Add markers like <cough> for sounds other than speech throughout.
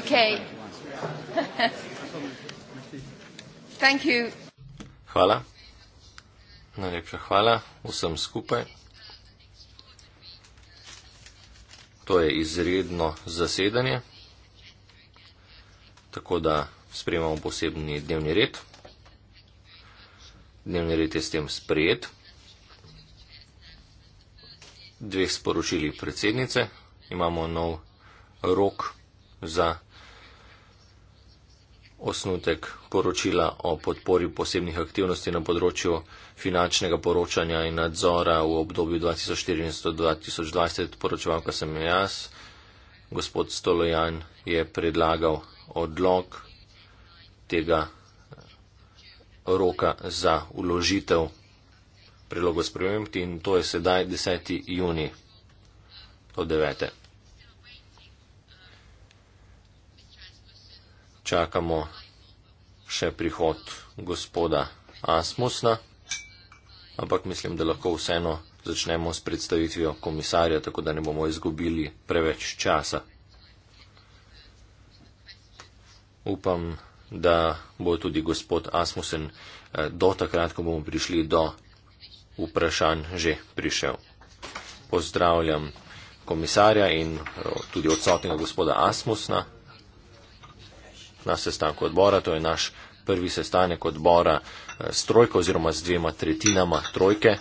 Okay. <laughs> Thank you. Hvala. Najlepša hvala vsem skupaj. To je izredno zasedanje, tako da sprejemamo posebni dnevni red. Dnevni red je s tem sprejet. Dveh sporočili predsednice. Imamo nov rok za osnutek poročila o podpori posebnih aktivnosti na področju finančnega poročanja in nadzora v obdobju 2014-2020, poročeval, kar sem jaz. Gospod Stolojan je predlagal odlog tega eh, roka za uložitev predlogov spremembti in to je sedaj 10. juni od 9. čakamo še prihod gospoda Asmusna, ampak mislim, da lahko vseeno začnemo s predstavitvijo komisarja, tako da ne bomo izgubili preveč časa. Upam, da bo tudi gospod Asmusen eh, do takrat, ko bomo prišli do vprašanj, že prišel. Pozdravljam komisarja in eh, tudi odsotnega gospoda Asmusna na sestanku odbora, to je naš prvi sestanek odbora eh, s trojko oziroma z dvema tretjinama trojke.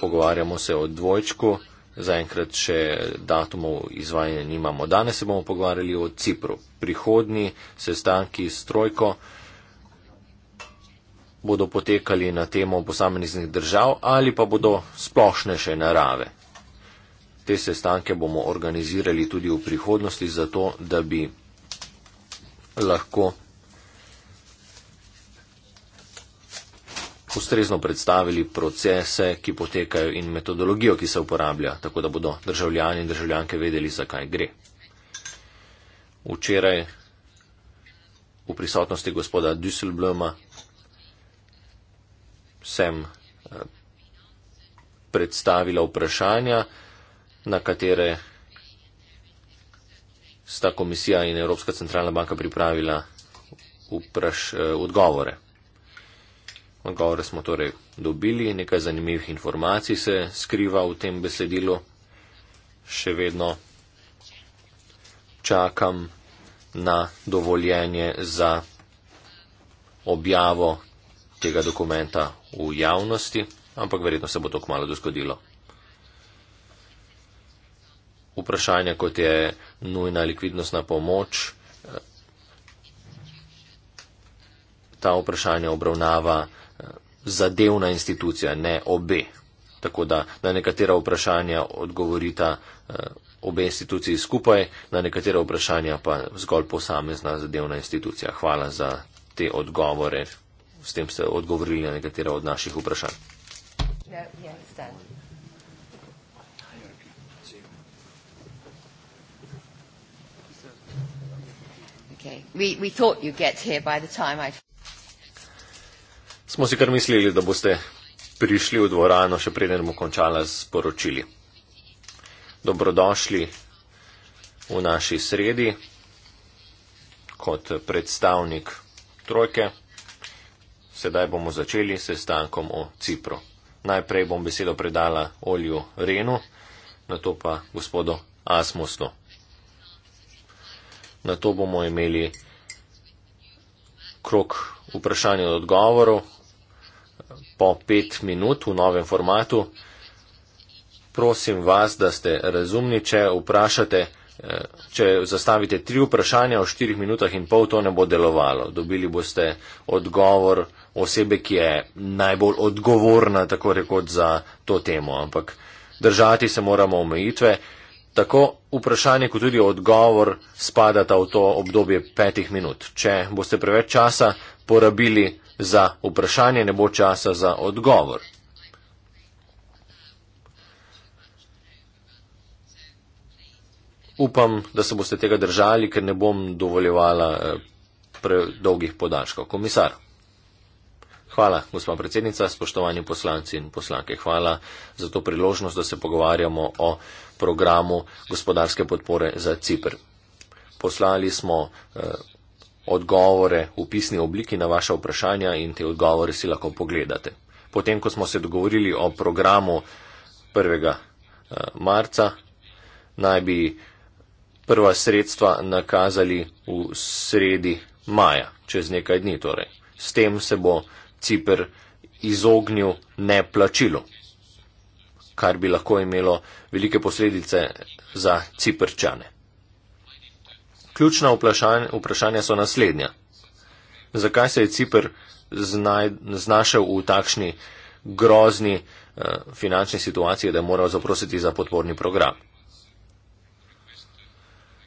Pogovarjamo se o dvojčku, zaenkrat še datumov izvajanja nimamo. Danes se bomo pogovarjali o Cipru. Prihodni sestanki s trojko bodo potekali na temo posameznih držav ali pa bodo splošne še narave. Te sestanke bomo organizirali tudi v prihodnosti, zato da bi lahko ustrezno predstavili procese, ki potekajo in metodologijo, ki se uporablja, tako da bodo državljani in državljanke vedeli, zakaj gre. Včeraj v prisotnosti gospoda Düsselbloma sem eh, predstavila vprašanja, na katere sta komisija in Evropska centralna banka pripravila vpraš, eh, odgovore. Odgovore smo torej dobili, nekaj zanimivih informacij se skriva v tem besedilu. Še vedno čakam na dovoljenje za objavo tega dokumenta v javnosti, ampak verjetno se bo to kmalo doskodilo vprašanja, kot je nujna likvidnostna pomoč, ta vprašanja obravnava eh, zadevna institucija, ne obe. Tako da na nekatera vprašanja odgovorita eh, obe instituciji skupaj, na nekatera vprašanja pa zgolj posamezna zadevna institucija. Hvala za te odgovore. S tem ste odgovorili na nekatera od naših vprašanj. Yeah, yeah, Okay. We, we thought you'd get here by the time I... Smo si kar mislili, da boste prišli v dvorano, še preden bomo končala s poročili. Dobrodošli v naši sredi kot predstavnik trojke. Sedaj bomo začeli s stankom o Cipru. Najprej bom besedo predala Olju Renu, nato pa gospodu Asmusnu na to bomo imeli krok vprašanj in odgovorov po pet minut v novem formatu. Prosim vas, da ste razumni, če vprašate, eh, če zastavite tri vprašanja v štirih minutah in pol, to ne bo delovalo. Dobili boste odgovor osebe, ki je najbolj odgovorna, tako rekoč, za to temo. Ampak držati se moramo omejitve. Tako vprašanje kot tudi odgovor spadata v to obdobje petih minut. Če boste preveč časa porabili za vprašanje, ne bo časa za odgovor. Upam, da se boste tega držali, ker ne bom dovoljevala eh, predolgih podaljškov. Komisar. Hvala, gospa predsednica, spoštovani poslanci in poslanke. Hvala za to priložnost, da se pogovarjamo o programu gospodarske podpore za Cipr. Poslali smo eh, odgovore v pisni obliki na vaše vprašanja in te odgovore si lahko pogledate. Potem, ko smo se dogovorili o programu 1. Eh, marca, naj bi prva sredstva nakazali v sredi maja, čez nekaj dni torej. S tem se bo Cipr izognil neplačilo kar bi lahko imelo velike posledice za ciprčane. Ključna vprašanja so naslednja. Zakaj se je Cipr znašel v takšni grozni eh, finančni situaciji, da je moral zaprositi za podporni program?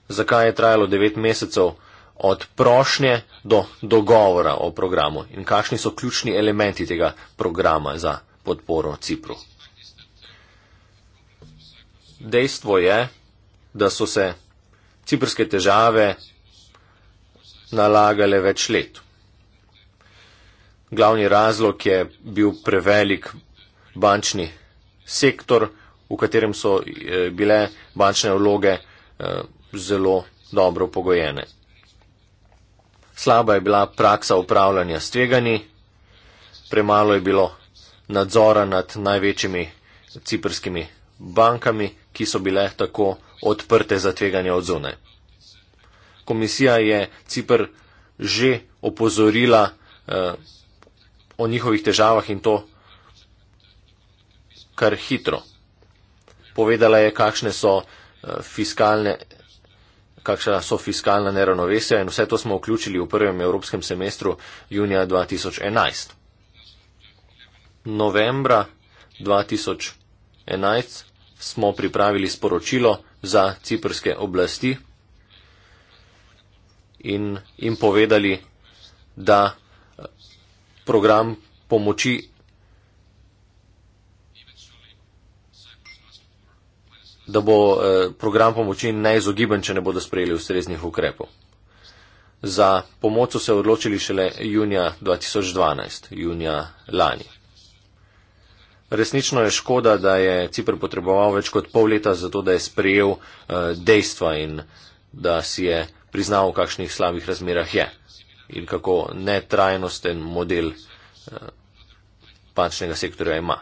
Zakaj je trajalo devet mesecev od prošnje do dogovora o programu in kakšni so ključni elementi tega programa za podporo Cipru? dejstvo je, da so se ciprske težave nalagale več let. Glavni razlog je bil prevelik bančni sektor, v katerem so eh, bile bančne vloge eh, zelo dobro pogojene. Slaba je bila praksa upravljanja s tvegani, premalo je bilo nadzora nad največjimi ciprskimi bankami, ki so bile tako odprte za tveganje od zune. Komisija je Cipr že opozorila eh, o njihovih težavah in to kar hitro. Povedala je, kakšne so eh, fiskalne kakšna so fiskalna neravnovesja in vse to smo vključili v prvem evropskem semestru junija 2011. Novembra 2011 smo pripravili sporočilo za ciprske oblasti in jim povedali, da eh, program pomoči da bo eh, program pomoči neizogiben, če ne bodo sprejeli ustreznih ukrepov. Za pomoč so se odločili šele junija 2012, junija lani. Resnično je škoda, da je Cipr potreboval več kot pol leta za to, da je sprejel uh, dejstva in da si je priznal, v kakšnih slabih razmerah je in kako netrajnosten model uh, eh, pačnega sektorja ima.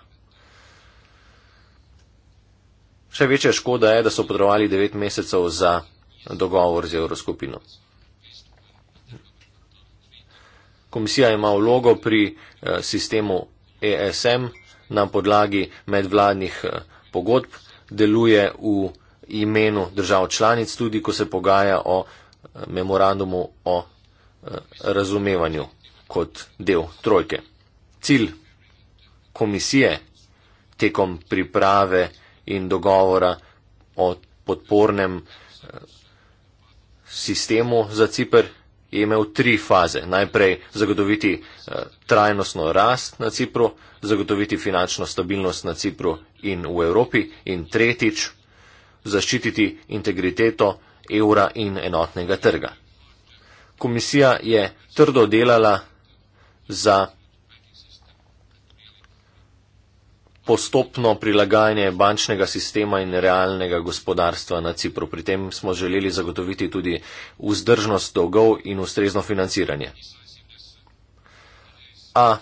Še večja škoda je, da so potrebovali devet mesecev za dogovor z Evroskupino. Komisija ima vlogo pri uh, sistemu ESM na podlagi medvladnih eh, pogodb, deluje v imenu držav članic, tudi ko se pogaja o eh, memorandumu o eh, razumevanju kot del trojke. Cilj komisije tekom priprave in dogovora o podpornem sistemu za Cipr je imel tri faze. Najprej zagotoviti trajnostno rast na Cipru, zagotoviti finančno stabilnost na Cipru in v Evropi in tretjič, zaščititi integriteto evra in enotnega trga. Komisija je trdo delala za postopno prilagajanje bančnega sistema in realnega gospodarstva na Cipru. Pri tem smo želeli zagotoviti tudi vzdržnost dolgov in ustrezno financiranje. A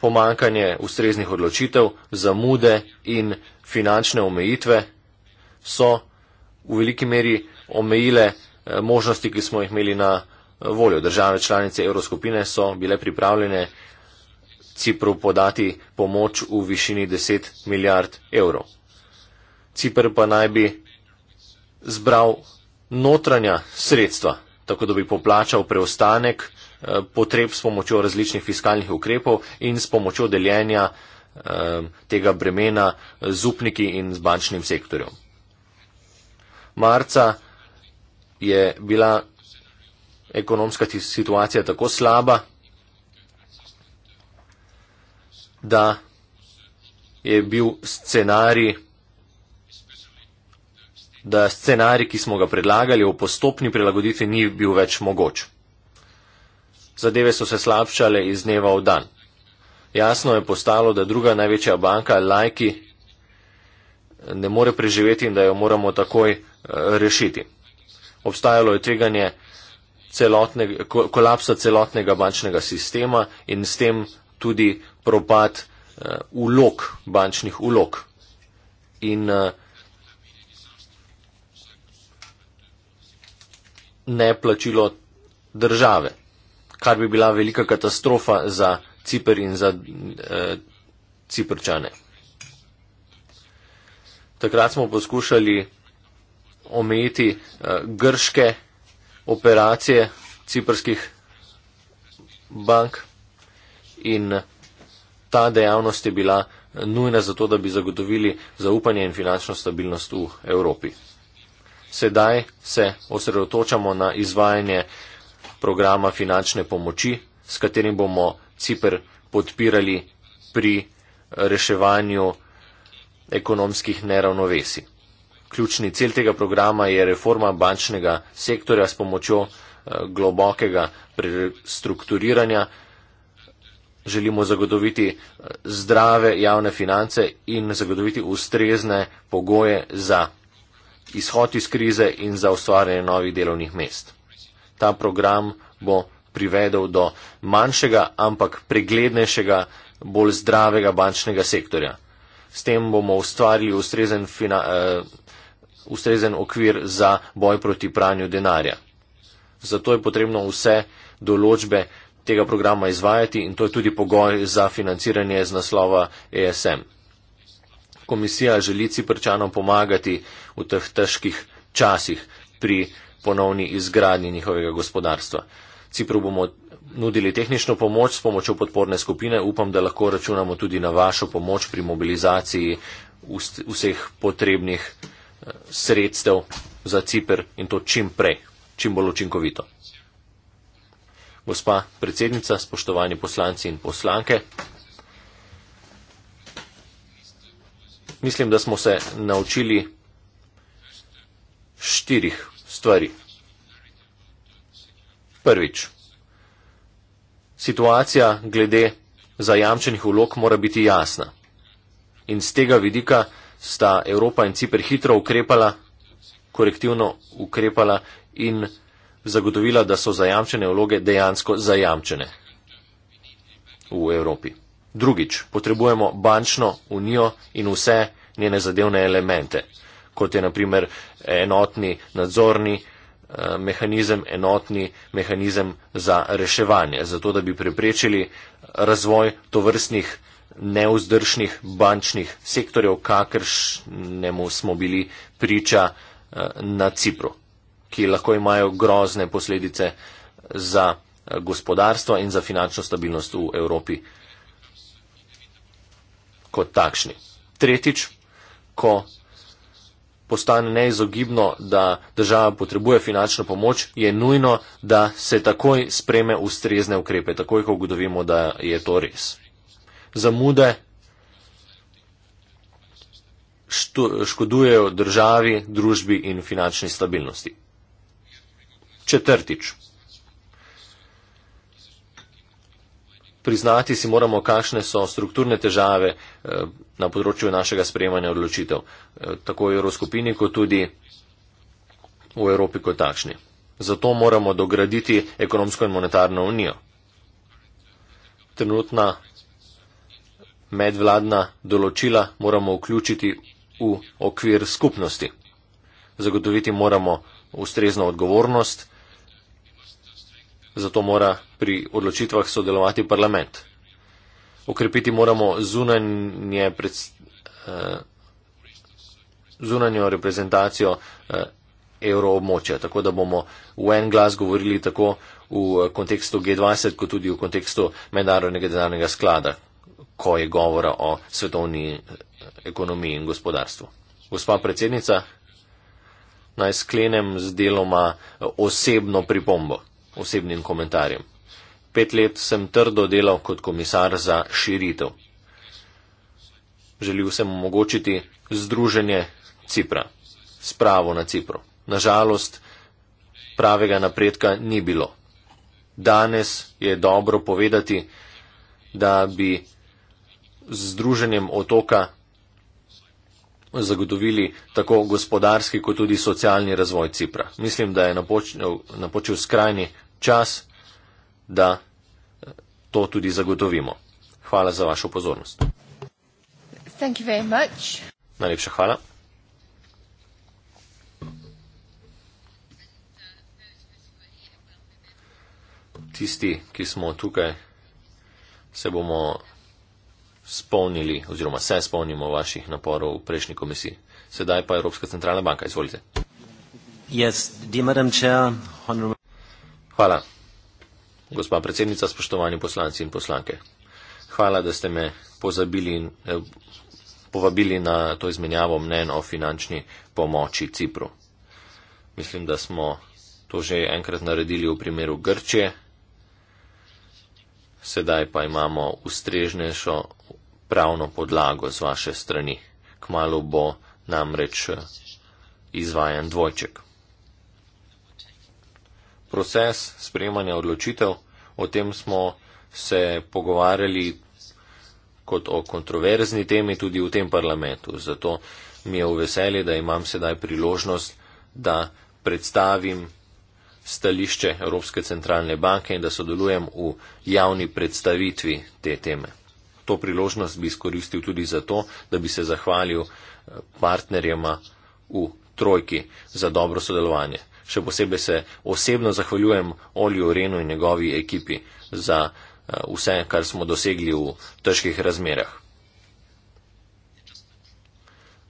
pomankanje ustreznih odločitev, zamude in finančne omejitve so v veliki meri omejile eh, možnosti, ki smo jih imeli na eh, voljo. Države članice Evroskupine so bile pripravljene Cipru podati pomoč v višini 10 milijard evrov. Cipr pa naj bi zbral notranja sredstva, tako da bi poplačal preostanek potreb s pomočjo različnih fiskalnih ukrepov in s pomočjo deljenja eh, tega bremena z upniki in z bančnim sektorjem. Marca je bila ekonomska situacija tako slaba, da je bil scenarij, da scenarij, ki smo ga predlagali o postopni prilagoditvi, ni bil več mogoč. Zadeve so se slabšale iz dneva v dan. Jasno je postalo, da druga največja banka, Lajki, ne more preživeti in da jo moramo takoj eh, rešiti. Obstajalo je tveganje celotne, kolapsa celotnega bančnega sistema in s tem tudi propad eh, ulog, bančnih ulog. In eh, neplačilo države kar bi bila velika katastrofa za Cipr in za eh, Ciprčane. Takrat smo poskušali omejiti eh, grške operacije ciprskih bank in eh, ta dejavnost je bila eh, nujna za to, da bi zagotovili zaupanje in finančno stabilnost v Evropi. Sedaj se osredotočamo na izvajanje eh, programa finančne pomoči, s katerim bomo Cipr podpirali pri reševanju ekonomskih neravnovesi. Ključni cel tega programa je reforma bančnega sektorja s pomočjo eh, globokega prestrukturiranja. Želimo zagotoviti eh, zdrave javne finance in zagotoviti ustrezne pogoje za izhod iz krize in za ustvarjanje novih delovnih mest ta program bo privedel do manjšega, ampak preglednejšega, bolj zdravega bančnega sektorja. S tem bomo ustvarili ustrezen, fina, uh, ustrezen okvir za boj proti pranju denarja. Zato je potrebno vse določbe tega programa izvajati in to je tudi pogoj za financiranje z naslova ESM. Komisija želi ciprčanom pomagati v teh težkih časih pri ponovni izgradnji njihovega gospodarstva. Cipru bomo nudili tehnično pomoč s pomočjo podporne skupine. Upam, da lahko računamo tudi na vašo pomoč pri mobilizaciji vseh potrebnih eh, sredstev za Cipr in to čim prej, čim bolj učinkovito. Gospa predsednica, spoštovani poslanci in poslanke, mislim, da smo se naučili štirih stvari. Prvič. Situacija glede zajamčenih vlog mora biti jasna. In z tega vidika sta Evropa in Cipr hitro ukrepala, korektivno ukrepala in zagotovila, da so zajamčene vloge dejansko zajamčene v Evropi. Drugič, potrebujemo bančno unijo in vse njene zadevne elemente kot je naprimer enotni nadzorni eh, mehanizem, enotni mehanizem za reševanje, zato da bi preprečili razvoj tovrstnih neuzdržnih bančnih sektorjev, kakršnemu smo bili priča eh, na Cipru, ki lahko imajo grozne posledice za eh, gospodarstvo in za finančno stabilnost v Evropi kot takšni. Tretjič, ko postane neizogibno, da država potrebuje finančno pomoč, je nujno, da se takoj spreme ustrezne ukrepe, takoj, ko ugotovimo, da je to res. Zamude škodujejo državi, družbi in finančni stabilnosti. Četrtič. priznati si moramo, kakšne so strukturne težave eh, na področju našega sprejemanja odločitev, eh, tako v Evroskupini, kot tudi v Evropi kot takšni. Zato moramo dograditi ekonomsko in monetarno unijo. Trenutna medvladna določila moramo vključiti v okvir skupnosti. Zagotoviti moramo ustrezno odgovornost, zato mora pri odločitvah sodelovati parlament. Okrepiti moramo zunanje pred, eh, zunanjo reprezentacijo eh, evroobmočja, tako da bomo v en glas govorili tako v eh, kontekstu G20, kot tudi v kontekstu mednarodnega denarnega sklada, ko je govora o svetovni eh, ekonomiji in gospodarstvu. Gospa predsednica, naj sklenem z deloma eh, osebno pripombo osebnim komentarjem. Pet let sem trdo delal kot komisar za širitev. Želil sem omogočiti združenje Cipra, spravo na Cipru. Nažalost, pravega napredka ni bilo. Danes je dobro povedati, da bi z združenjem otoka zagotovili tako gospodarski kot tudi socialni razvoj Cipra. Mislim, da je napočil, napočil skrajni čas, da eh, to tudi zagotovimo. Hvala za vašo pozornost. Najlepša hvala. Tisti, ki smo tukaj, se bomo spomnili oziroma se spomnimo vaših naporov v prejšnji komisiji. Sedaj pa Evropska centralna banka. Izvolite. Yes, Hvala. Gospa predsednica, spoštovani poslanci in poslanke. Hvala, da ste me pozabili in eh, povabili na to izmenjavo mnen o finančni pomoči Cipru. Mislim, da smo to že enkrat naredili v primeru Grčije. Sedaj pa imamo ustrežnejšo pravno podlago z vaše strani. Kmalo bo namreč eh, izvajan dvojček proces sprejemanja odločitev, o tem smo se pogovarjali kot o kontroverzni temi tudi v tem parlamentu. Zato mi je v veselje, da imam sedaj priložnost, da predstavim stališče Evropske centralne banke in da sodelujem v javni predstavitvi te teme. To priložnost bi izkoristil tudi zato, da bi se zahvalil eh, partnerjema v trojki za dobro sodelovanje še posebej se osebno zahvaljujem Olju Renu in njegovi ekipi za eh, vse, kar smo dosegli v težkih razmerah.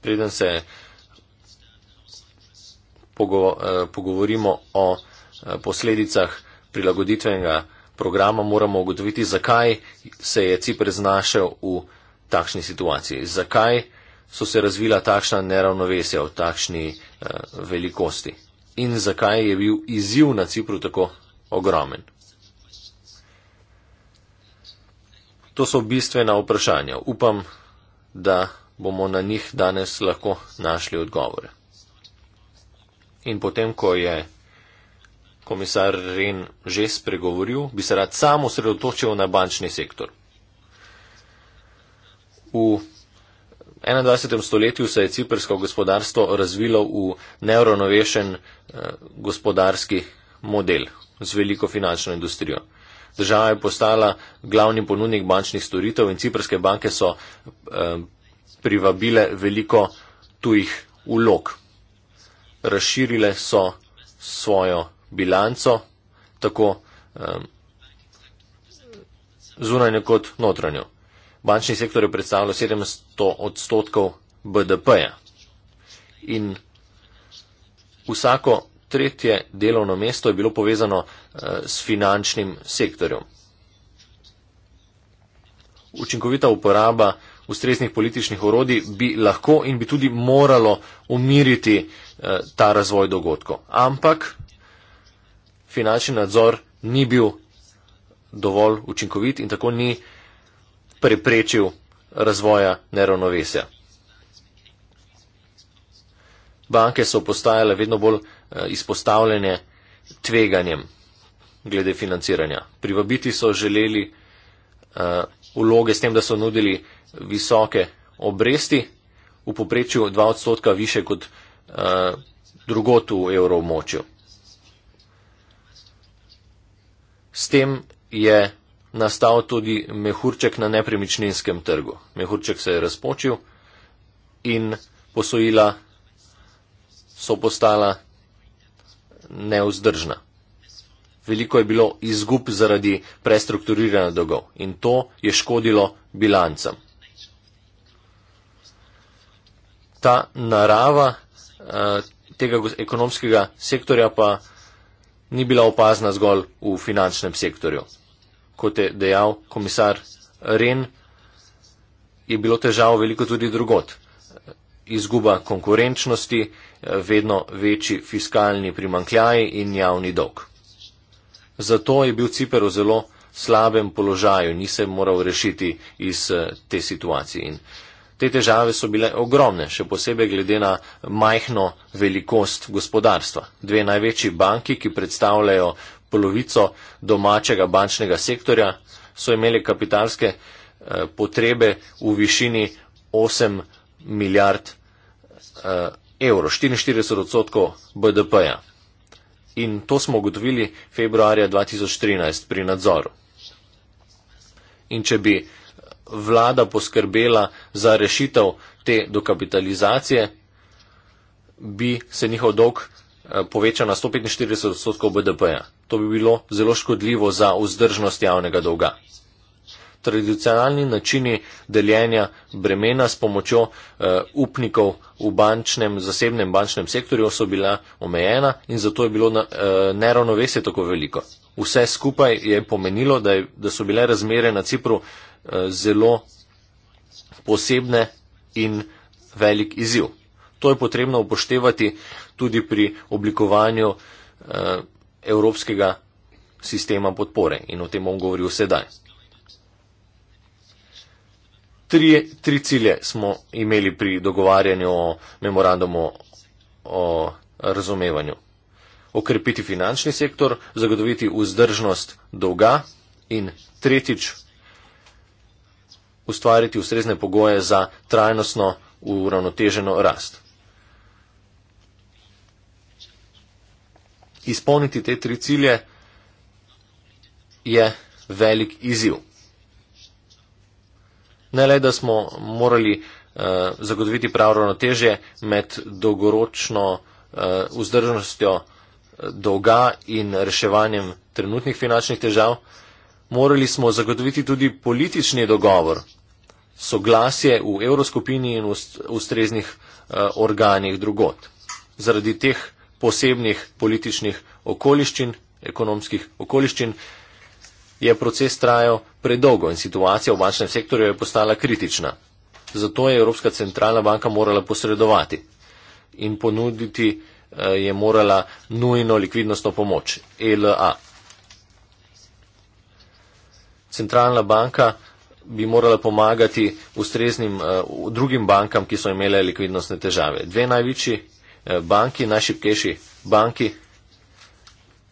Preden se pogo eh, pogovorimo o eh, posledicah prilagoditvenega programa, moramo ugotoviti, zakaj se je Cipr znašel v takšni situaciji. Zakaj so se razvila takšna neravnovesja v takšni eh, velikosti in zakaj je bil izziv na Cipru tako ogromen? To so bistvena vprašanja. Upam, da bomo na njih danes lahko našli odgovore. In potem, ko je komisar Ren že spregovoril, bi se rad samo sredotočil na bančni sektor. V 21. stoletju se je ciprsko gospodarstvo razvilo v neuronovešen eh, gospodarski model z veliko finančno industrijo. Država je postala glavni ponudnik bančnih storitev in ciprske banke so eh, privabile veliko tujih ulog. Razširile so svojo bilanco tako eh, zunanjo kot notranjo bančni sektor je predstavljal 700 odstotkov BDP-ja. In vsako tretje delovno mesto je bilo povezano eh, s finančnim sektorjem. Učinkovita uporaba ustreznih političnih orodij bi lahko in bi tudi moralo umiriti eh, ta razvoj dogodkov. Ampak finančni nadzor ni bil dovolj učinkovit in tako ni uh, preprečil razvoja neravnovesja. Banke so postajale vedno bolj eh, izpostavljene tveganjem glede financiranja. Privabiti so želeli eh, vloge s tem, da so nudili visoke obresti, v poprečju 2 odstotka više kot eh, drugot v evrovmočju. S tem je nastal tudi mehurček na nepremičninskem trgu. Mehurček se je razpočil in posojila so postala neuzdržna. Veliko je bilo izgub zaradi prestrukturiranja dolgov in to je škodilo bilancam. Ta narava eh, tega ekonomskega sektorja pa ni bila opazna zgolj v finančnem sektorju kot je dejal komisar Ren, je bilo težav veliko tudi drugot. Izguba konkurenčnosti, vedno večji fiskalni primankljaj in javni dolg. Zato je bil Ciper v zelo slabem položaju, ni se moral rešiti iz eh, te situacije. In te težave so bile ogromne, še posebej glede na majhno velikost gospodarstva. Dve največji banki, ki predstavljajo polovico domačega bančnega sektorja, so imeli kapitalske eh, potrebe v višini 8 milijard eh, evrov, 44 odstotkov BDP-ja. In to smo ugotovili februarja 2013 pri nadzoru. In če bi vlada poskrbela za rešitev te dokapitalizacije, bi se njihov dolg eh, povečal na 145 odstotkov BDP-ja. To bi bilo zelo škodljivo za vzdržnost javnega dolga. Tradicionalni načini deljenja bremena s pomočjo uh, upnikov v bančnem, zasebnem bančnem sektorju so bila omejena in zato je bilo na, uh, eh, neravnovesje tako veliko. Vse skupaj je pomenilo, da, je, da so bile razmere na Cipru uh, zelo posebne in velik izziv. To je potrebno upoštevati tudi pri oblikovanju uh, evropskega sistema podpore in o tem bom govoril sedaj. Tri, tri cilje smo imeli pri dogovarjanju o memorandumu o razumevanju. Okrepiti finančni sektor, zagotoviti vzdržnost dolga in tretjič ustvariti ustrezne pogoje za trajnostno uravnoteženo rast. izpolniti te tri cilje je velik izziv. Ne le, da smo morali uh, zagotoviti pravo ravnoteže med dolgoročno uh, vzdržnostjo eh, dolga in reševanjem trenutnih finančnih težav, morali smo zagotoviti tudi politični dogovor, soglasje v evroskupini in ustreznih uh, organih drugot. Zaradi teh posebnih političnih okoliščin, ekonomskih okoliščin, je proces trajal predolgo in situacija v bančnem sektorju je postala kritična. Zato je Evropska centralna banka morala posredovati in ponuditi eh, je morala nujno likvidnostno pomoč, e LA. Centralna banka bi morala pomagati ustreznim eh, drugim bankam, ki so imele likvidnostne težave. Dve največji Eh, banki, najšipkejši banki,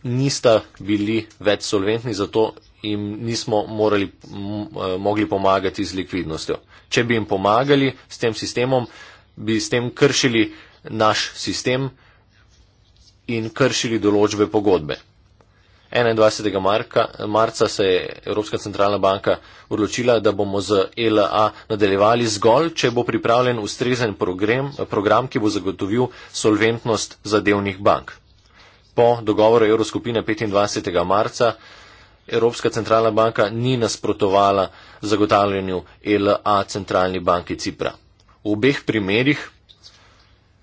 nista bili več solventni, zato jim nismo morali, eh, mogli pomagati z likvidnostjo. Če bi jim pomagali s tem sistemom, bi s tem kršili naš sistem in kršili določbe pogodbe. 21. Marka, marca se je Evropska centralna banka odločila, da bomo z e LA nadaljevali zgolj, če bo pripravljen ustrezen program, program, ki bo zagotovil solventnost zadevnih bank. Po dogovoru Evroskupine 25. marca Evropska centralna banka ni nasprotovala zagotavljanju e LA centralni banki Cipra. V obeh primerjih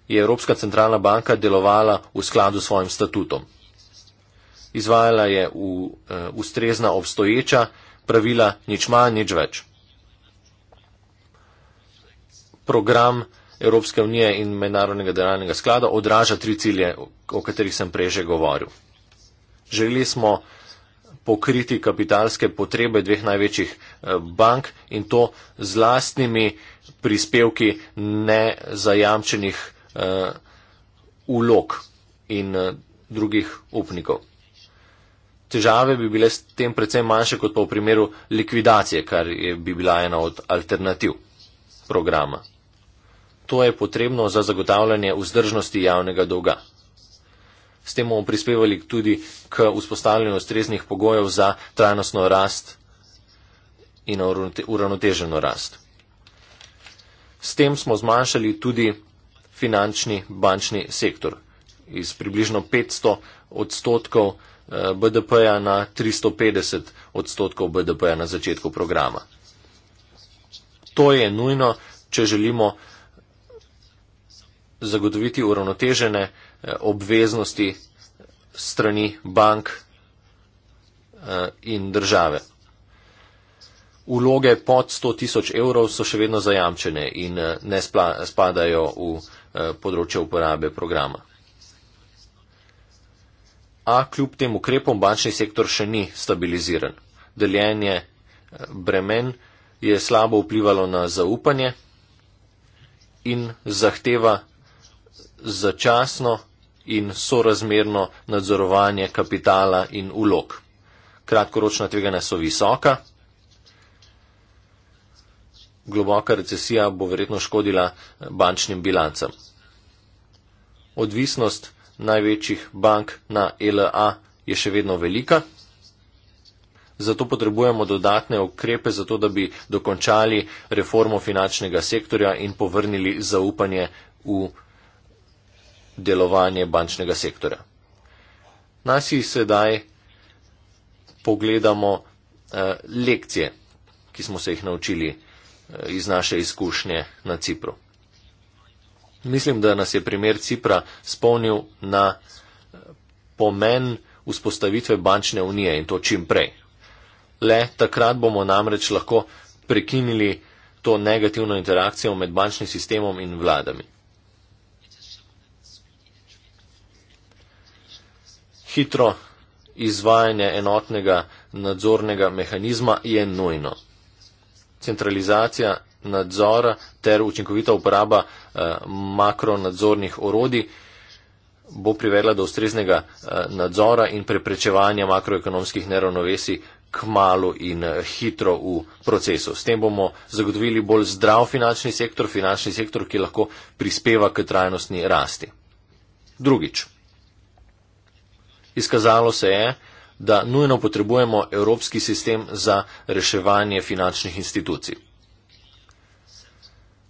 je Evropska centralna banka delovala v skladu s svojim statutom izvajala je v, uh, e, ustrezna obstoječa pravila, nič manj, nič več. Program Evropske unije in Mednarodnega denarnega sklada odraža tri cilje, o katerih sem prej že govoril. Želeli smo pokriti kapitalske potrebe dveh največjih e, bank in to z lastnimi prispevki nezajamčenih ulog e, uh, in uh, drugih upnikov težave bi bile s tem predvsem manjše kot pa v primeru likvidacije, kar je, bi bila ena od alternativ programa. To je potrebno za zagotavljanje vzdržnosti javnega dolga. S tem bomo prispevali tudi k vzpostavljanju ustreznih pogojev za trajnostno rast in uravnoteženo rast. S tem smo zmanjšali tudi finančni bančni sektor iz približno 500 odstotkov BDP-ja na 350 odstotkov BDP-ja na začetku programa. To je nujno, če želimo zagotoviti uravnotežene eh, obveznosti strani bank eh, in države. Uloge pod 100 tisoč evrov so še vedno zajamčene in eh, ne spadajo v področje uporabe programa a kljub tem ukrepom bančni sektor še ni stabiliziran. Deljenje eh, bremen je slabo vplivalo na zaupanje in zahteva začasno in sorazmerno nadzorovanje kapitala in ulog. Kratkoročna tveganja so visoka. Globoka recesija bo verjetno škodila eh, bančnim bilancam. Odvisnost največjih bank na LA je še vedno velika. Zato potrebujemo dodatne ukrepe, zato da bi dokončali reformo finančnega sektorja in povrnili zaupanje v delovanje bančnega sektorja. Nasi sedaj pogledamo eh, lekcije, ki smo se jih naučili eh, iz naše izkušnje na Cipru. Mislim, da nas je primer Cipra spomnil na pomen vzpostavitve bančne unije in to čim prej. Le takrat bomo namreč lahko prekinili to negativno interakcijo med bančnim sistemom in vladami. Hitro izvajanje enotnega nadzornega mehanizma je nujno. Centralizacija nadzora ter učinkovita uporaba Eh, makronadzornih orodij bo privedla do ustreznega eh, nadzora in preprečevanja makroekonomskih neravnovesij k malu in eh, hitro v procesu. S tem bomo zagotovili bolj zdrav finančni sektor, finančni sektor, ki lahko prispeva k trajnostni rasti. Drugič. Izkazalo se je, da nujno potrebujemo evropski sistem za reševanje finančnih institucij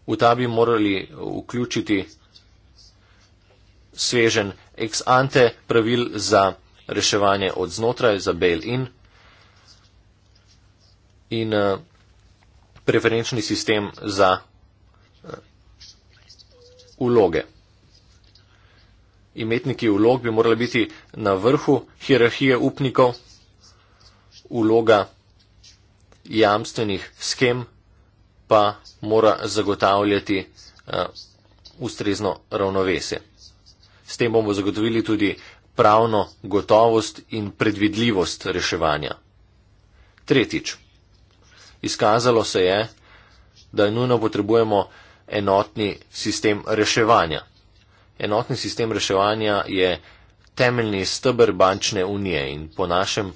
v ta bi morali vključiti svežen ex ante pravil za reševanje od znotraj, za bail-in in eh, preferenčni sistem za uloge. Eh, Imetniki ulog bi morali biti na vrhu hierarhije upnikov, uloga jamstvenih skem pa mora zagotavljati uh, ustrezno ravnovesje. S tem bomo zagotovili tudi pravno gotovost in predvidljivost reševanja. Tretjič. Izkazalo se je, da nujno potrebujemo enotni sistem reševanja. Enotni sistem reševanja je temeljni stebr bančne unije in po našem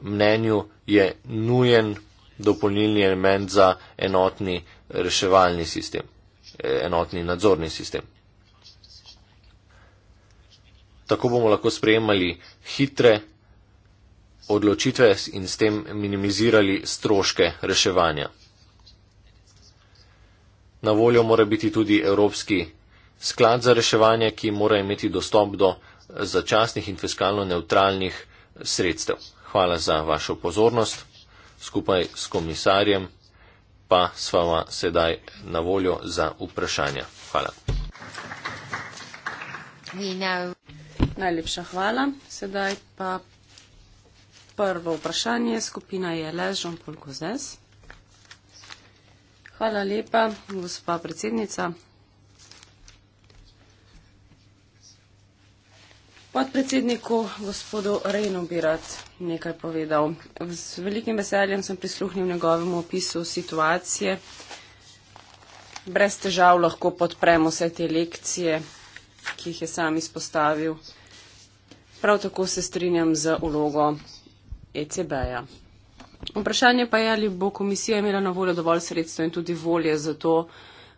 mnenju je nujen dopolnilni element za enotni reševalni sistem, eh, enotni nadzorni sistem. Tako bomo lahko sprejemali hitre odločitve in s tem minimizirali stroške reševanja. Na voljo mora biti tudi Evropski sklad za reševanje, ki mora imeti dostop do začasnih in fiskalno neutralnih sredstev. Hvala za vašo pozornost skupaj s komisarjem, pa sva vam sedaj na voljo za vprašanja. Hvala. Najlepša hvala. Sedaj pa prvo vprašanje. Skupina je Ležon Polkozes. Hvala lepa, gospa predsednica. Podpredsedniku gospodu Rejnu bi rad nekaj povedal. Z velikim veseljem sem prisluhnil njegovemu opisu situacije. Brez težav lahko podpremo vse te lekcije, ki jih je sam izpostavil. Prav tako se strinjam z ulogo ECB-ja. Vprašanje pa je, ali bo komisija imela na voljo dovolj sredstva in tudi volje za to,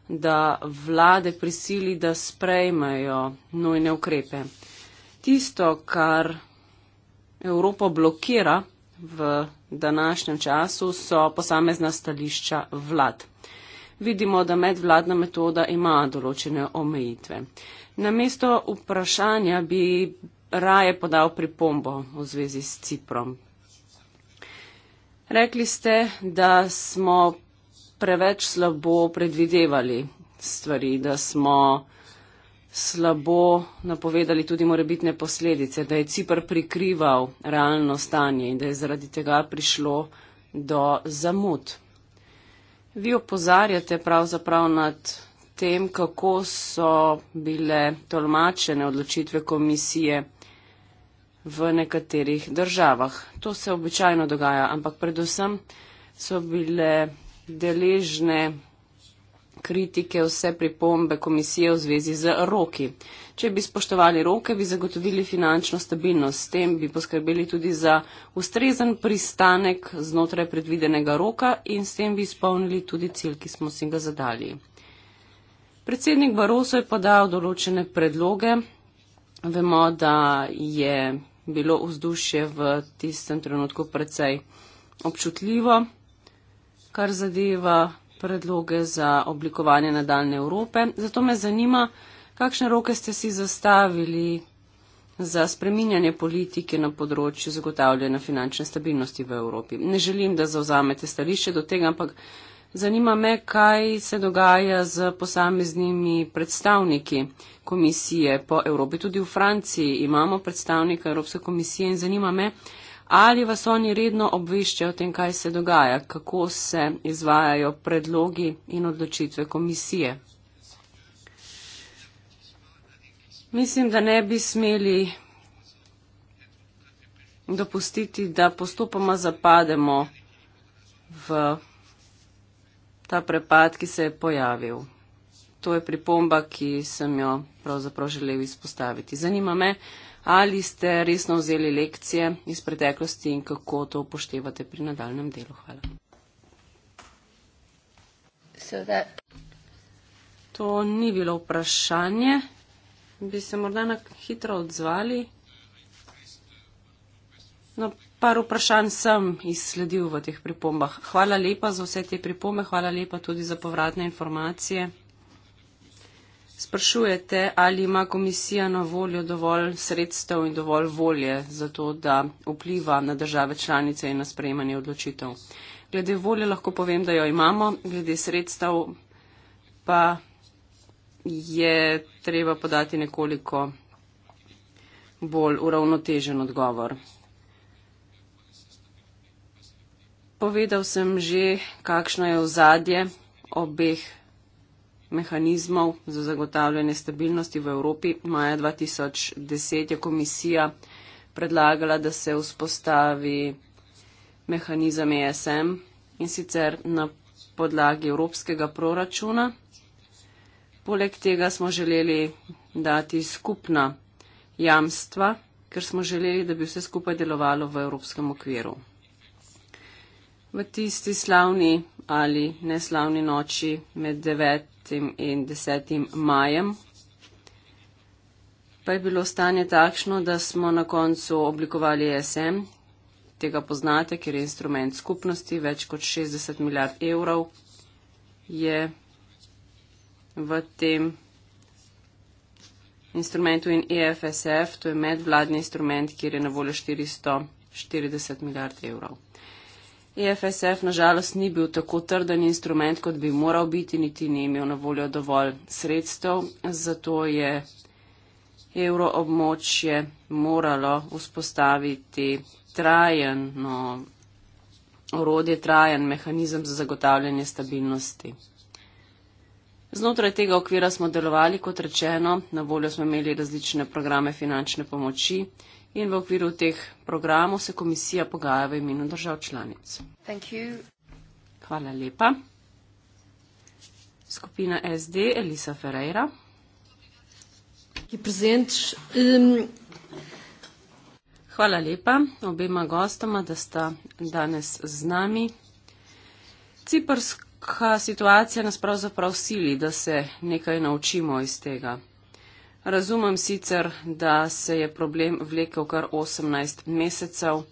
da vlade prisili, da sprejmajo nujne ukrepe tisto, kar Evropo blokira v današnjem času, so posamezna stališča vlad. Vidimo, da medvladna metoda ima določene omejitve. Na mesto vprašanja bi raje podal pripombo v zvezi s Ciprom. Rekli ste, da smo preveč slabo predvidevali stvari, da smo slabo napovedali tudi morebitne posledice, da je Cipr prikrival realno stanje in da je zaradi tega prišlo do zamud. Vi opozarjate pravzaprav nad tem, kako so bile tolmačene odločitve komisije v nekaterih državah. To se običajno dogaja, ampak predvsem so bile deležne kritike, vse pripombe komisije v zvezi z roki. Če bi spoštovali roke, bi zagotovili finančno stabilnost, s tem bi poskrbeli tudi za ustrezen pristanek znotraj predvidenega roka in s tem bi izpolnili tudi cilj, ki smo si ga zadali. Predsednik Baroso je podal določene predloge. Vemo, da je bilo vzdušje v tistem trenutku precej občutljivo, kar zadeva predloge za oblikovanje nadaljne Evrope. Zato me zanima, kakšne roke ste si zastavili za spreminjanje politike na področju zagotavljanja finančne stabilnosti v Evropi. Ne želim, da zauzamete stališče do tega, ampak zanima me, kaj se dogaja z posameznimi predstavniki komisije po Evropi. Tudi v Franciji imamo predstavnika Evropske komisije in zanima me, ali vas oni redno obveščajo o tem, kaj se dogaja, kako se izvajajo predlogi in odločitve komisije. Mislim, da ne bi smeli dopustiti, da postopoma zapademo v ta prepad, ki se je pojavil. To je pripomba, ki sem jo pravzaprav želel izpostaviti. Zanima me, ali ste resno vzeli lekcije iz preteklosti in kako to upoštevate pri nadaljem delu. Hvala. To ni bilo vprašanje. Bi se morda na hitro odzvali. No, par vprašanj sem izsledil v teh pripombah. Hvala lepa za vse te pripombe, hvala lepa tudi za povratne informacije. Sprašujete, ali ima komisija na voljo dovolj sredstev in dovolj volje za to, da vpliva na države članice in na sprejemanje odločitev. Glede volje lahko povem, da jo imamo, glede sredstev pa je treba podati nekoliko bolj uravnotežen odgovor. Povedal sem že, kakšno je ozadje obeh mehanizmov za zagotavljanje stabilnosti v Evropi. Maja 2010 je komisija predlagala, da se vzpostavi mehanizem ESM in sicer na podlagi evropskega proračuna. Poleg tega smo želeli dati skupna jamstva, ker smo želeli, da bi vse skupaj delovalo v evropskem okviru. V tisti slavni ali neslavni noči med 9. 9. in 10. majem. Pa je bilo stanje takšno, da smo na koncu oblikovali e SM, tega poznate, ker je instrument skupnosti, več kot 60 milijard evrov je v tem instrumentu in EFSF, to je medvladni instrument, kjer je na voljo 440 milijard evrov. EFSF nažalost ni bil tako trden instrument, kot bi moral biti, niti ni imel na voljo dovolj sredstev, zato je evroobmočje moralo vzpostaviti trajen orodje, trajen mehanizem za zagotavljanje stabilnosti. Znotraj tega okvira smo delovali, kot rečeno, na voljo smo imeli različne programe finančne pomoči in v okviru teh programov se komisija pogaja v imenu držav članic. Hvala lepa. Skupina SD, Elisa Ferreira. Um, Hvala lepa obema gostoma, da sta danes z nami. Ciprsko kaj situacija nas pravzaprav sili, da se nekaj naučimo iz tega. Razumem sicer, da se je problem vlekel kar 18 mesecev,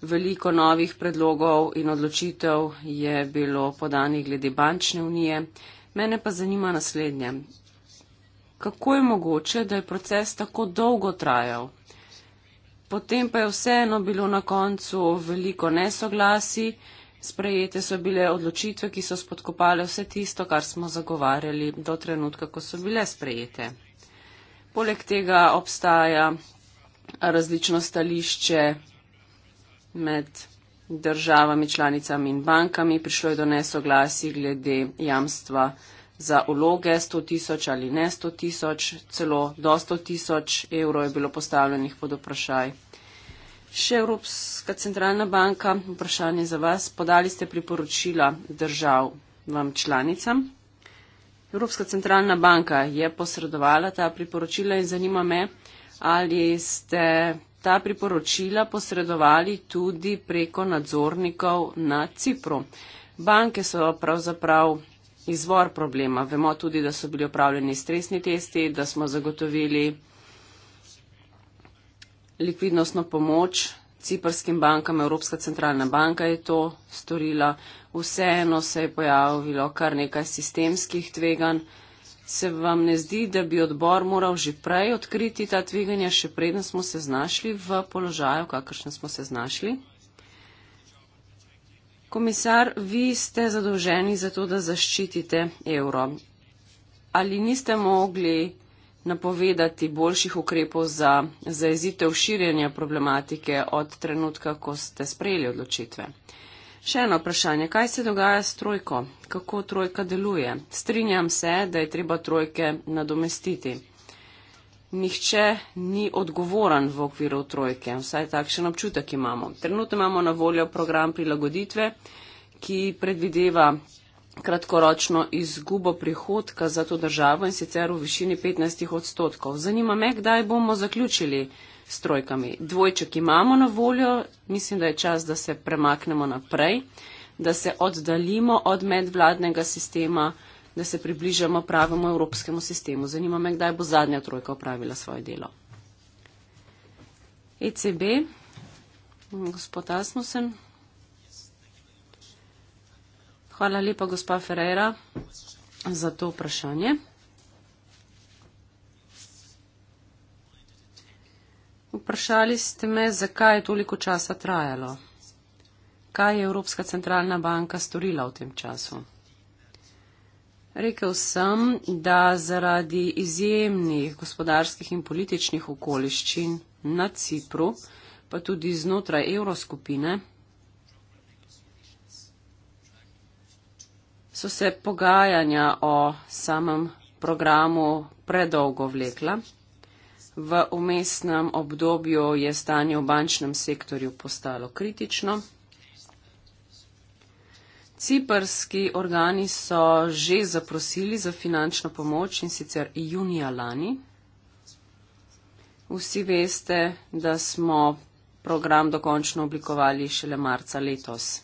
veliko novih predlogov in odločitev je bilo podanih glede bančne unije, mene pa zanima naslednje. Kako je mogoče, da je proces tako dolgo trajal? Potem pa je vseeno bilo na koncu veliko nesoglasi, Sprejete so bile odločitve, ki so spodkopale vse tisto, kar smo zagovarjali do trenutka, ko so bile sprejete. Poleg tega obstaja različno stališče med državami, članicami in bankami. Prišlo je do nesoglasi glede jamstva za uloge 100 tisoč ali ne 100 tisoč, celo do 100 tisoč evrov je bilo postavljenih pod vprašaj. Še Evropska centralna banka, vprašanje za vas. Podali ste priporočila držav vam članicam. Evropska centralna banka je posredovala ta priporočila in zanima me, ali ste ta priporočila posredovali tudi preko nadzornikov na Cipru. Banke so pravzaprav izvor problema. Vemo tudi, da so bili opravljeni stresni testi, da smo zagotovili likvidnostno pomoč ciprskim bankam, Evropska centralna banka je to storila. Vseeno se je pojavilo kar nekaj sistemskih tveganj. Se vam ne zdi, da bi odbor moral že prej odkriti ta tveganja, še preden smo se znašli v položaju, kakršne smo se znašli? Komisar, vi ste zadolženi za to, da zaščitite evro. Ali niste mogli napovedati boljših ukrepov za zaezitev širjenja problematike od trenutka, ko ste sprejeli odločitve. Še eno vprašanje, kaj se dogaja s trojko? Kako trojka deluje? Strinjam se, da je treba trojke nadomestiti. Nihče ni odgovoren v okviru trojke, vsaj takšen občutek imamo. Trenutno imamo na voljo program prilagoditve, ki predvideva kratkoročno izgubo prihodka za to državo in sicer v višini 15 odstotkov. Zanima me, kdaj bomo zaključili s trojkami. Dvojček imamo na voljo, mislim, da je čas, da se premaknemo naprej, da se oddaljimo od medvladnega sistema, da se približamo pravemu evropskemu sistemu. Zanima me, kdaj bo zadnja trojka opravila svoje delo. ECB, gospod Asmusen. Hvala lepa, gospa Ferreira, za to vprašanje. Vprašali ste me, zakaj je toliko časa trajalo. Kaj je Evropska centralna banka storila v tem času? Rekel sem, da zaradi izjemnih gospodarskih in političnih okoliščin na Cipru, pa tudi znotraj evroskupine, so se pogajanja o samem programu predolgo vlekla. V umestnem obdobju je stanje v bančnem sektorju postalo kritično. Ciprski organi so že zaprosili za finančno pomoč in sicer junija lani. Vsi veste, da smo program dokončno oblikovali šele marca letos.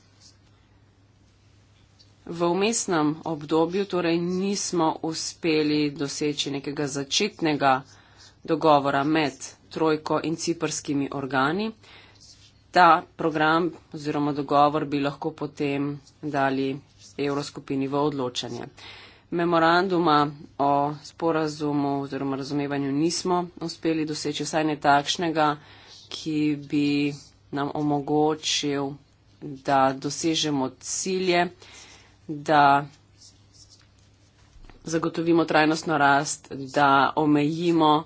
V umestnem obdobju torej nismo uspeli doseči nekega začetnega dogovora med trojko in ciprskimi organi. Ta program oziroma dogovor bi lahko potem dali evroskupini v odločanje. Memoranduma o sporazumu oziroma razumevanju nismo uspeli doseči vsaj ne takšnega, ki bi nam omogočil, da dosežemo cilje, da zagotovimo trajnostno rast, da omejimo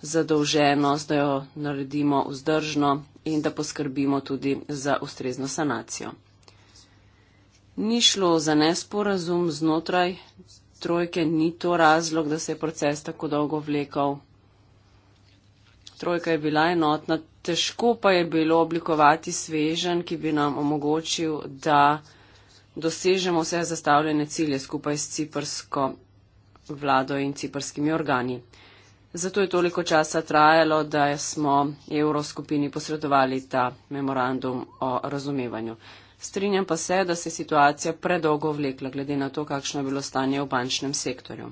zadolženost, da jo naredimo vzdržno in da poskrbimo tudi za ustrezno sanacijo. Ni šlo za nesporazum znotraj trojke, ni to razlog, da se je proces tako dolgo vlekal. Trojka je bila enotna, težko pa je bilo oblikovati svežen, ki bi nam omogočil, da dosežemo vse zastavljene cilje skupaj s ciprsko vlado in ciprskimi organi. Zato je toliko časa trajalo, da smo evroskupini posredovali ta memorandum o razumevanju. Strinjam pa se, da se je situacija predolgo vlekla, glede na to, kakšno je bilo stanje v bančnem sektorju.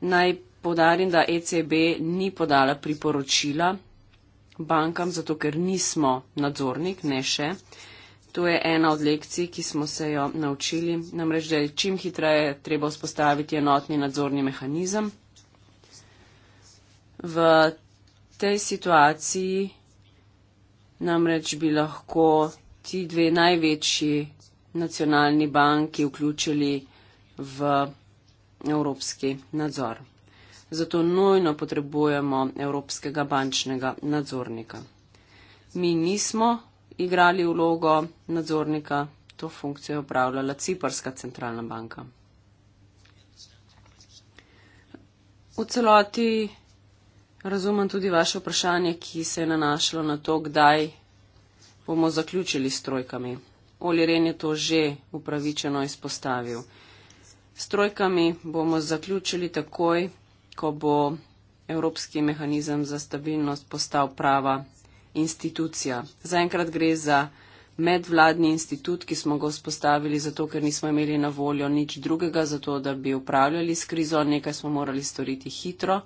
Naj podarim, da ECB ni podala priporočila bankam, zato ker nismo nadzornik, ne še. Uh, To je ena od lekcij, ki smo se jo naučili, namreč, da je čim hitreje treba vzpostaviti enotni nadzorni mehanizem. V tej situaciji namreč bi lahko ti dve največji nacionalni banki vključili v evropski nadzor. Zato nujno potrebujemo evropskega bančnega nadzornika. Mi nismo igrali vlogo nadzornika, to funkcijo je upravljala Ciparska centralna banka. V celoti razumem tudi vaše vprašanje, ki se je nanašalo na to, kdaj bomo zaključili s trojkami. Oli Ren je to že upravičeno izpostavil. S trojkami bomo zaključili takoj, ko bo Evropski mehanizem za stabilnost postal prava institucija. Zaenkrat gre za medvladni institut, ki smo ga vzpostavili zato, ker nismo imeli na voljo nič drugega, zato da bi upravljali s krizo, nekaj smo morali storiti hitro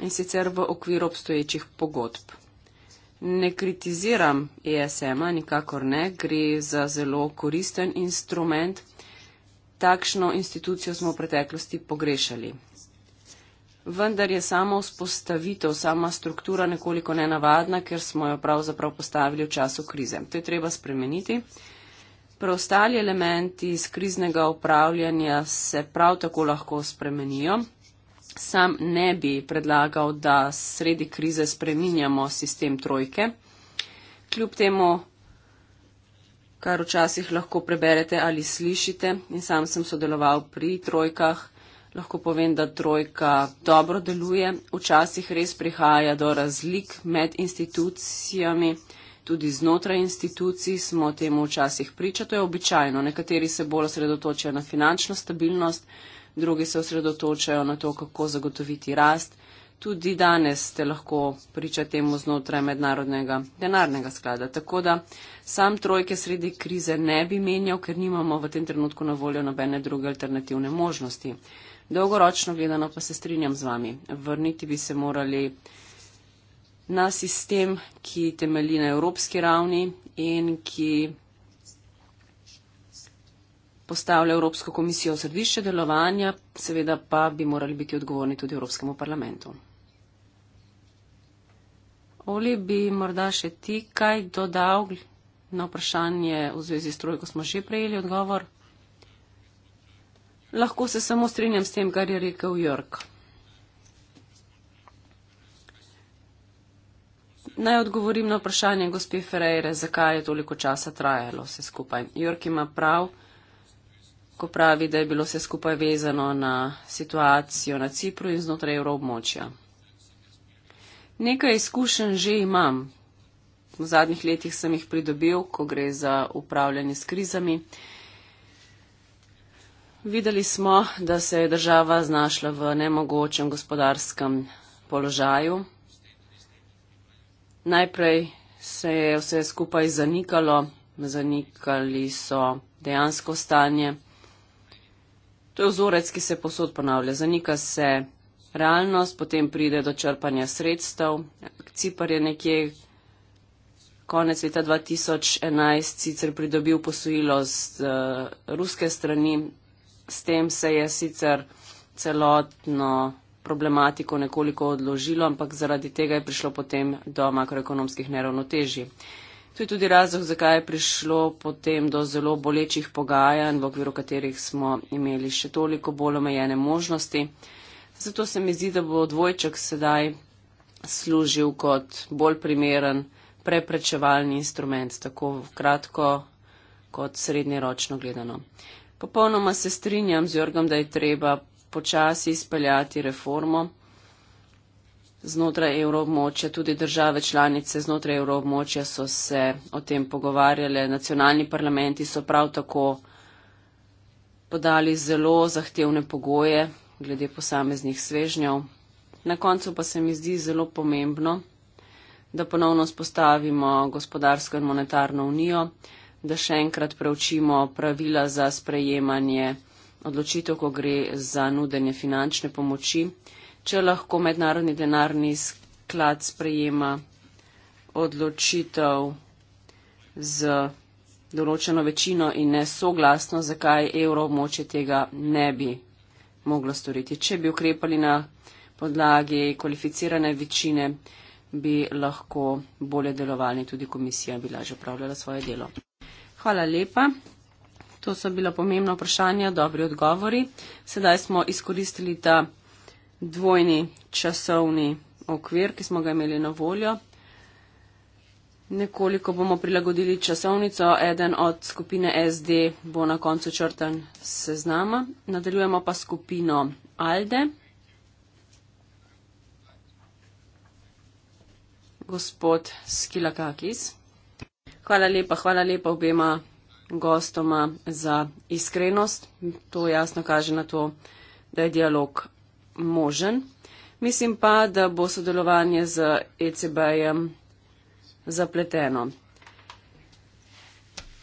in sicer v okviru obstoječih pogodb. Ne kritiziram ESM-a, nikakor ne, gre za zelo koristen instrument. Takšno institucijo smo v preteklosti pogrešali vendar je samo vzpostavitev, sama struktura nekoliko nenavadna, ker smo jo pravzaprav postavili v času krize. To je treba spremeniti. Preostali elementi iz kriznega upravljanja se prav tako lahko spremenijo. Sam ne bi predlagal, da sredi krize spreminjamo sistem trojke. Kljub temu, kar včasih lahko preberete ali slišite, in sam sem sodeloval pri trojkah, lahko povem, da trojka dobro deluje. Včasih res prihaja do razlik med institucijami, tudi znotraj institucij smo temu včasih priča, to je običajno. Nekateri se bolj osredotočajo na finančno stabilnost, drugi se osredotočajo na to, kako zagotoviti rast. Tudi danes ste lahko priča temu znotraj mednarodnega denarnega sklada. Tako da sam trojke sredi krize ne bi menjal, ker nimamo v tem trenutku na voljo nobene druge alternativne možnosti. Dolgoročno gledano pa se strinjam z vami. Vrniti bi se morali na sistem, ki temelji na evropski ravni in ki postavlja Evropsko komisijo v središče delovanja, seveda pa bi morali biti odgovorni tudi Evropskemu parlamentu. Oli bi morda še ti kaj dodal na vprašanje v zvezi s trojko, smo že prejeli odgovor. Lahko se samo strinjam s tem, kar je rekel Jörg. Naj odgovorim na vprašanje gospe Ferreira, zakaj je toliko časa trajalo vse skupaj. Jörg ima prav, ko pravi, da je bilo vse skupaj vezano na situacijo na Cipru in znotraj evroobmočja. Nekaj izkušenj že imam. V zadnjih letih sem jih pridobil, ko gre za upravljanje s krizami. Videli smo, da se je država znašla v nemogočem gospodarskem položaju. Najprej se je vse skupaj zanikalo, zanikali so dejansko stanje. To je vzorec, ki se posod ponavlja. Zanika se realnost, potem pride do črpanja sredstev. Cipar je nekje konec leta 2011 sicer pridobil posojilo z uh, ruske strani, s tem se je sicer celotno problematiko nekoliko odložilo, ampak zaradi tega je prišlo potem do makroekonomskih neravnotežji. To je tudi razlog, zakaj je prišlo potem do zelo bolečih pogajanj, v okviru katerih smo imeli še toliko bolj omejene možnosti. Zato se mi zdi, da bo dvojček sedaj služil kot bolj primeren preprečevalni instrument, tako kratko kot srednjeročno gledano. Popolnoma se strinjam z Jorgom, da je treba počasi izpeljati reformo znotraj evroobmočja. Tudi države članice znotraj evroobmočja so se o tem pogovarjale. Nacionalni parlamenti so prav tako podali zelo zahtevne pogoje glede posameznih svežnjev. Na koncu pa se mi zdi zelo pomembno, da ponovno spostavimo gospodarsko in monetarno unijo da še enkrat preučimo pravila za sprejemanje odločitev, ko gre za nudenje finančne pomoči, če lahko mednarodni denarni sklad sprejema odločitev z določeno večino in ne soglasno, zakaj evroobmoče tega ne bi moglo storiti. Če bi ukrepali na podlagi kvalificirane večine, bi lahko bolje delovali, tudi komisija bi lažje upravljala svoje delo. Hvala lepa. To so bila pomembna vprašanja, dobri odgovori. Sedaj smo izkoristili ta dvojni časovni okvir, ki smo ga imeli na voljo. Nekoliko bomo prilagodili časovnico, eden od skupine SD bo na koncu črtan seznama. Nadaljujemo pa skupino ALDE. gospod Skilakakis. Hvala lepa, hvala lepa obema gostoma za iskrenost. To jasno kaže na to, da je dialog možen. Mislim pa, da bo sodelovanje z ECB-jem zapleteno.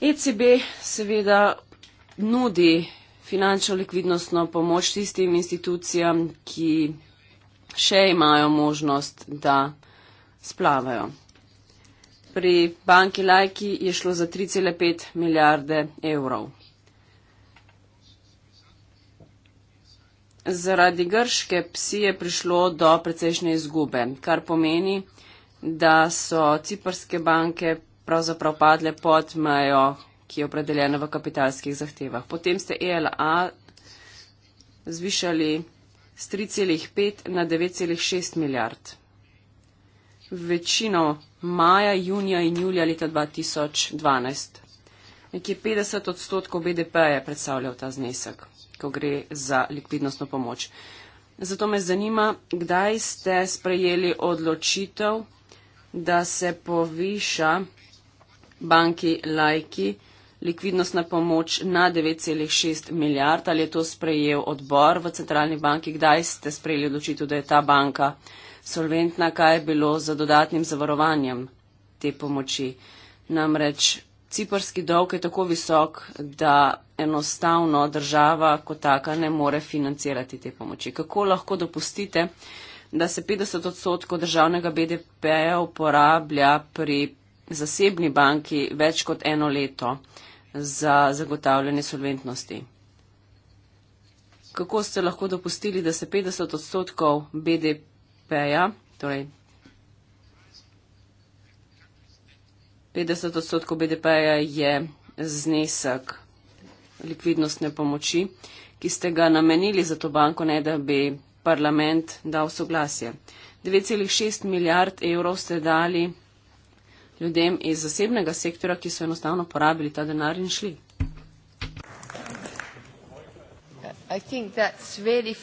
ECB seveda nudi finančno likvidnostno pomoč tistim institucijam, ki še imajo možnost, da splavajo. Pri banki Lajki je šlo za 3,5 milijarde evrov. Zaradi grške psi je prišlo do precejšnje izgube, kar pomeni, da so ciparske banke pravzaprav padle pod mejo, ki je opredeljena v kapitalskih zahtevah. Potem ste ELA zvišali z 3,5 na 9,6 milijard večino maja, junija in julija leta 2012. Nekje 50 odstotkov BDP je predstavljal ta znesek, ko gre za likvidnostno pomoč. Zato me zanima, kdaj ste sprejeli odločitev, da se poviša banki Lajki likvidnostna pomoč na 9,6 milijard. Ali je to sprejel odbor v centralni banki? Kdaj ste sprejeli odločitev, da je ta banka solventna, kaj je bilo za dodatnim zavarovanjem te pomoči. Namreč ciporski dolg je tako visok, da enostavno država kot taka ne more financirati te pomoči. Kako lahko dopustite, da se 50 odstotkov državnega BDP-ja uporablja pri zasebni banki več kot eno leto za zagotavljanje solventnosti? Kako ste lahko dopustili, da se 50 odstotkov BDP BDP-ja, torej 50 odstotkov BDP-ja je znesek likvidnostne pomoči, ki ste ga namenili za to banko, ne da bi parlament dal soglasje. 9,6 milijard evrov ste dali ljudem iz zasebnega sektora, ki so enostavno porabili ta denar in šli. Really...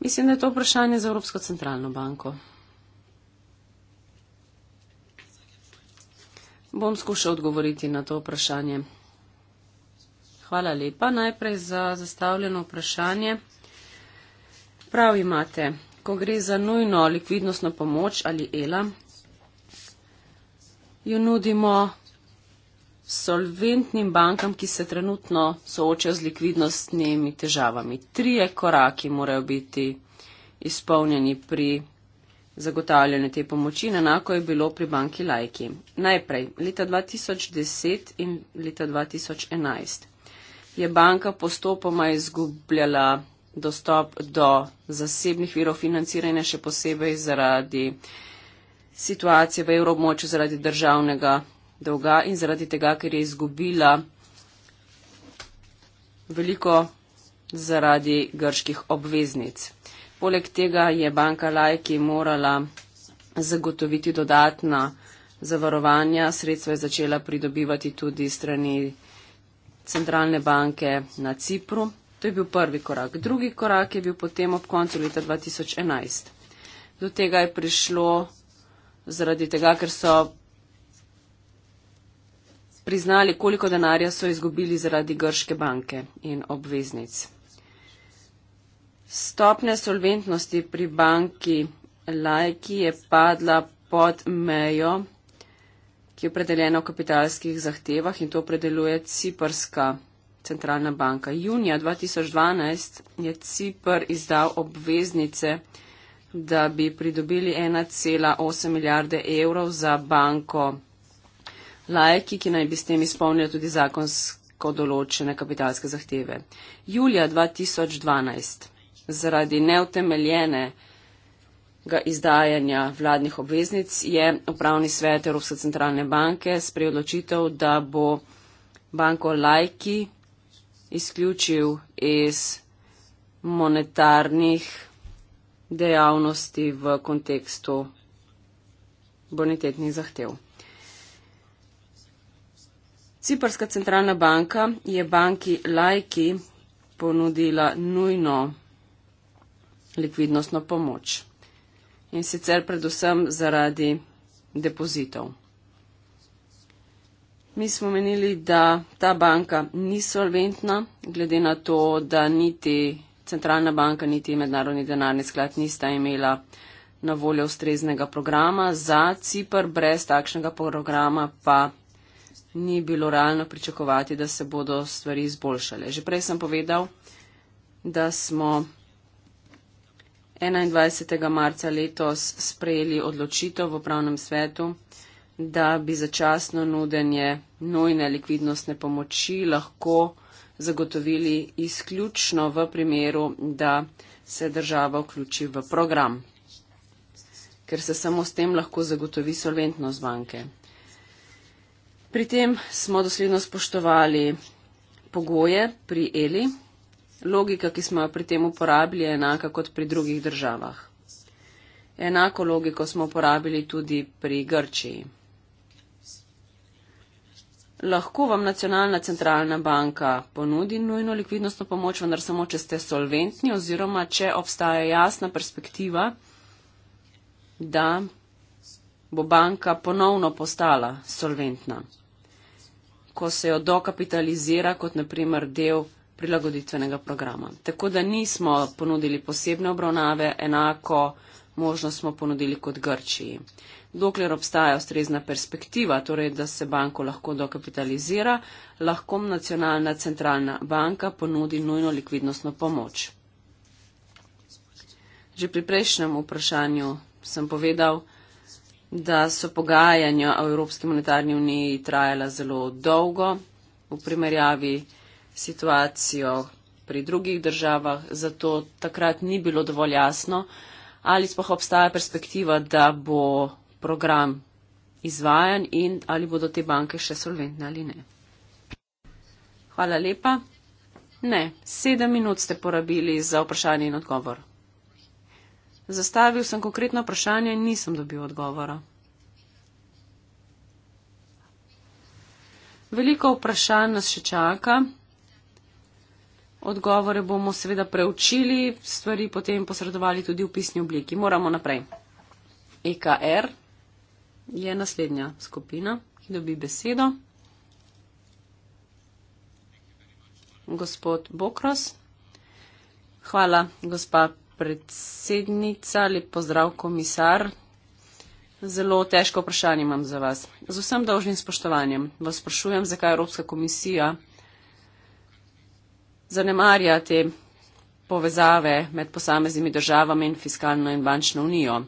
Mislim, da je to vprašanje za Evropsko centralno banko. Bom skušal odgovoriti na to vprašanje. Hvala lepa najprej za zastavljeno vprašanje. Prav imate, ko gre za nujno likvidnostno pomoč ali ELA, jo nudimo solventnim bankam, ki se trenutno soočajo z likvidnostnimi težavami. Trije koraki morajo biti izpolnjeni pri zagotavljanju te pomoči, enako je bilo pri banki Lajki. Najprej, leta 2010 in leta 2011 je banka postopoma izgubljala dostop do zasebnih virov financiranja, še posebej zaradi situacije v evroobmočju, zaradi državnega dolga in zaradi tega, ker je izgubila veliko zaradi grških obveznic. Poleg tega je banka Lajki morala zagotoviti dodatna zavarovanja, sredstva je začela pridobivati tudi strani centralne banke na Cipru. To je bil prvi korak. Drugi korak je bil potem ob koncu leta 2011. Do tega je prišlo zaradi tega, ker so priznali, koliko denarja so izgubili zaradi grške banke in obveznic. Stopne solventnosti pri banki Lajki je padla pod mejo, ki je opredeljena v kapitalskih zahtevah in to opredeljuje Ciprska centralna banka. Junija 2012 je Cipr izdal obveznice, da bi pridobili 1,8 milijarde evrov za banko lajki, ki naj bi s tem izpolnili tudi zakonsko določene kapitalske zahteve. Julija 2012 zaradi neutemeljene izdajanja vladnih obveznic je upravni svet Evropske centralne banke sprejel odločitev, da bo banko lajki izključil iz monetarnih dejavnosti v kontekstu bonitetnih zahtev. Ciprska centralna banka je banki Lajki ponudila nujno likvidnostno pomoč in sicer predvsem zaradi depozitov. Mi smo menili, da ta banka ni solventna, glede na to, da niti centralna banka, niti mednarodni denarni sklad nista imela na voljo ustreznega programa. Za Cipr brez takšnega programa pa ni bilo realno pričakovati, da se bodo stvari izboljšale. Že prej sem povedal, da smo 21. marca letos sprejeli odločitev v pravnem svetu, da bi začasno nudenje nojne likvidnostne pomoči lahko zagotovili izključno v primeru, da se država vključi v program, ker se samo s tem lahko zagotovi solventnost banke. Pri tem smo dosledno spoštovali pogoje pri Eli. Logika, ki smo jo pri tem uporabili, je enaka kot pri drugih državah. Enako logiko smo uporabili tudi pri Grčiji. Lahko vam nacionalna centralna banka ponudi nujno likvidnostno pomoč, vendar samo, če ste solventni oziroma, če obstaja jasna perspektiva, da bo banka ponovno postala solventna, ko se jo dokapitalizira kot naprimer del prilagoditvenega programa. Tako da nismo ponudili posebne obravnave, enako možnost smo ponudili kot Grčiji. Dokler obstaja ustrezna perspektiva, torej da se banko lahko dokapitalizira, lahko nacionalna centralna banka ponudi nujno likvidnostno pomoč. Že pri prejšnjem vprašanju sem povedal, da so pogajanja o Evropski monetarni uniji trajala zelo dolgo v primerjavi situacijo pri drugih državah, zato takrat ni bilo dovolj jasno, ali spoh obstaja perspektiva, da bo program izvajan in ali bodo te banke še solventne ali ne. Hvala lepa. Ne, sedem minut ste porabili za vprašanje in odgovor. Zastavil sem konkretno vprašanje in nisem dobil odgovora. Veliko vprašanj nas še čaka. Odgovore bomo seveda preučili, stvari potem posredovali tudi v pisni obliki. Moramo naprej. EKR er je naslednja skupina, ki dobi besedo. Gospod Bokros. Hvala, gospa predsednica, lep pozdrav, komisar. Zelo težko vprašanje imam za vas. Z vsem dolžnim spoštovanjem vas sprašujem, zakaj Evropska komisija zanemarja te povezave med posameznimi državami in fiskalno in bančno unijo.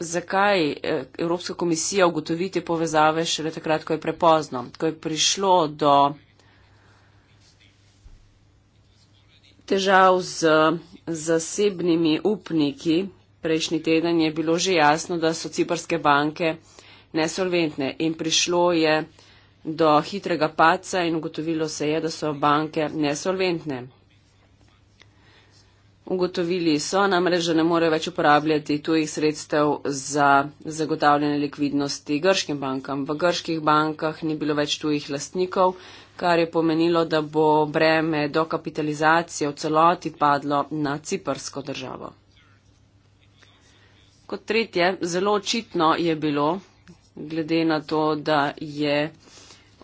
Zakaj eh, Evropska komisija ugotovi te povezave šele takrat, ko je prepozno, ko je prišlo do težav z zasebnimi upniki. Prejšnji teden je bilo že jasno, da so ciparske banke nesolventne in prišlo je do hitrega paca in ugotovilo se je, da so banke nesolventne. Ugotovili so namreč, da ne morejo več uporabljati tujih sredstev za zagotavljanje likvidnosti grškim bankam. V grških bankah ni bilo več tujih lastnikov, kar je pomenilo, da bo breme dokapitalizacije v celoti padlo na ciprsko državo. Kot tretje, zelo očitno je bilo, glede na to, da je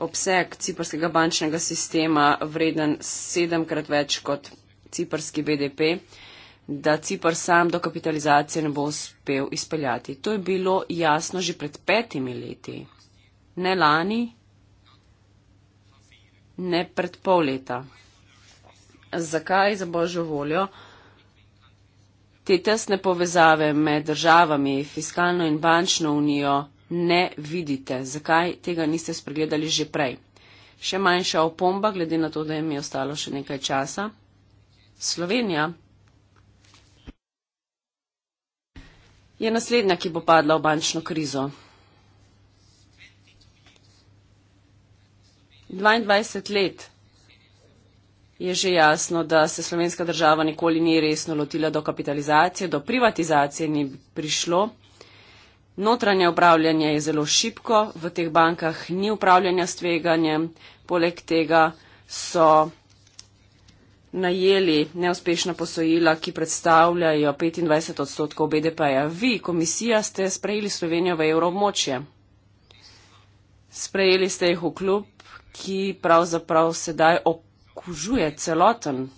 obseg ciprskega bančnega sistema vreden sedemkrat več kot ciprski BDP, da Cipr sam dokapitalizacije ne bo uspel izpeljati. To je bilo jasno že pred petimi leti. Ne lani, ne pred pol leta. Zakaj, za božjo voljo, te tesne povezave med državami, fiskalno in bančno unijo ne vidite? Zakaj tega niste spregledali že prej? Še manjša opomba, glede na to, da jim je ostalo še nekaj časa. Slovenija je naslednja, ki bo padla v bančno krizo. 22 let je že jasno, da se slovenska država nikoli ni resno lotila do kapitalizacije, do privatizacije ni prišlo. Notranje upravljanje je zelo šipko, v teh bankah ni upravljanja s tveganjem, poleg tega so najeli neuspešna posojila, ki predstavljajo 25 odstotkov BDP-ja. Vi, komisija, ste sprejeli Slovenijo v evroobmočje. Sprejeli ste jih v klub ki pravzaprav sedaj okužuje celoten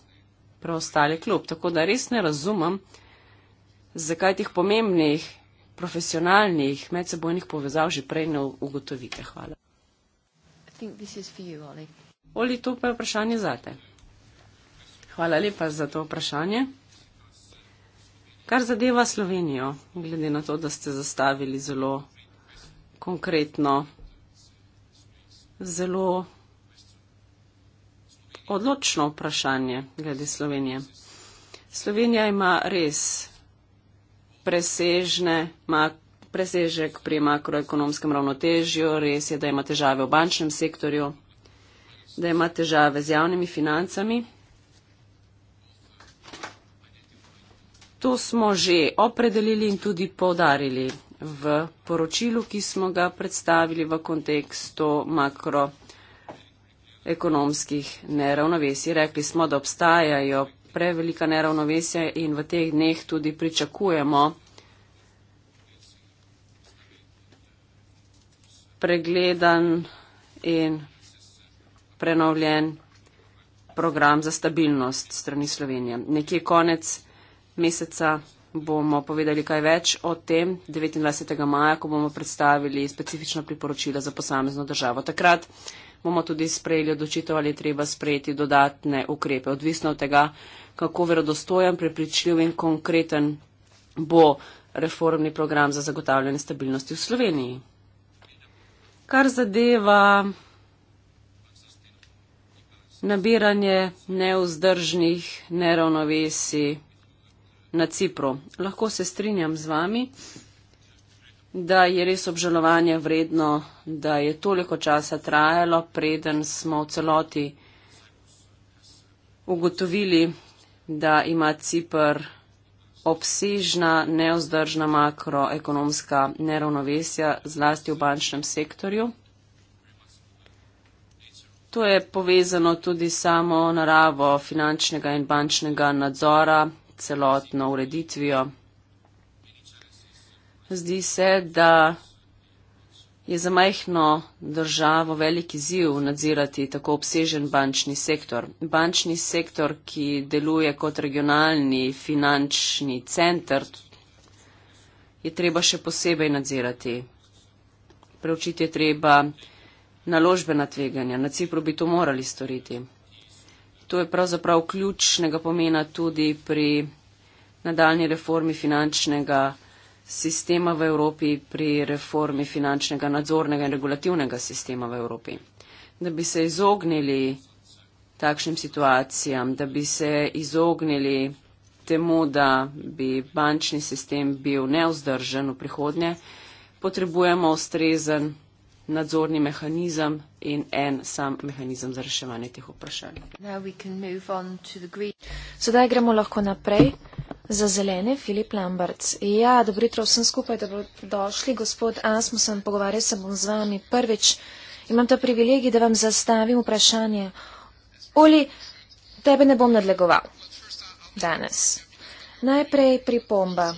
preostali klub. Tako da res ne razumem, zakaj tih pomembnih profesionalnih medsebojnih povezav že prej ne ugotovite. Hvala. Oli, to pa je vprašanje zate. Hvala lepa za to vprašanje. Kar zadeva Slovenijo, glede na to, da ste zastavili zelo konkretno zelo odločno vprašanje glede Slovenije. Slovenija ima res presežne, presežek pri makroekonomskem ravnotežju, res je, da ima težave v bančnem sektorju, da ima težave z javnimi financami. To smo že opredelili in tudi povdarili v poročilu, ki smo ga predstavili v kontekstu makroekonomskih neravnovesij. Rekli smo, da obstajajo prevelika neravnovesja in v teh dneh tudi pričakujemo pregledan in prenovljen program za stabilnost strani Slovenije. Nekje konec meseca bomo povedali kaj več o tem 29. maja, ko bomo predstavili specifično priporočila za posamezno državo. Takrat bomo tudi sprejeli odločitev, ali je treba sprejeti dodatne ukrepe, odvisno od tega, kako verodostojen, prepričljiv in konkreten bo reformni program za zagotavljanje stabilnosti v Sloveniji. Kar zadeva nabiranje neuzdržnih neravnovesij na Cipru. Lahko se strinjam z vami, da je res obžalovanje vredno, da je toliko časa trajalo, preden smo v celoti ugotovili, da ima Cipr obsežna, neozdržna makroekonomska neravnovesja, zlasti v bančnem sektorju. To je povezano tudi samo naravo finančnega in bančnega nadzora, celotno ureditvijo. Zdi se, da je za majhno državo veliki ziv nadzirati tako obsežen bančni sektor. Bančni sektor, ki deluje kot regionalni finančni centr, je treba še posebej nadzirati. Preučiti je treba naložbena tveganja. Na Cipru bi to morali storiti to je pravzaprav ključnega pomena tudi pri nadaljni reformi finančnega sistema v Evropi, pri reformi finančnega nadzornega in regulativnega sistema v Evropi. Da bi se izognili takšnim situacijam, da bi se izognili temu, da bi bančni sistem bil neozdržen v prihodnje, potrebujemo ustrezen nadzorni mehanizem in en sam mehanizem za reševanje teh vprašanj. Sedaj gremo lahko naprej. Za zelene, Filip Lambert. Ja, dobro jutro vsem skupaj, da bodo došli. Gospod Asmusen, pogovarjal sem z vami prvič. Imam to privilegij, da vam zastavim vprašanje. Oli, tebe ne bom nadlegoval danes. Najprej pripomba.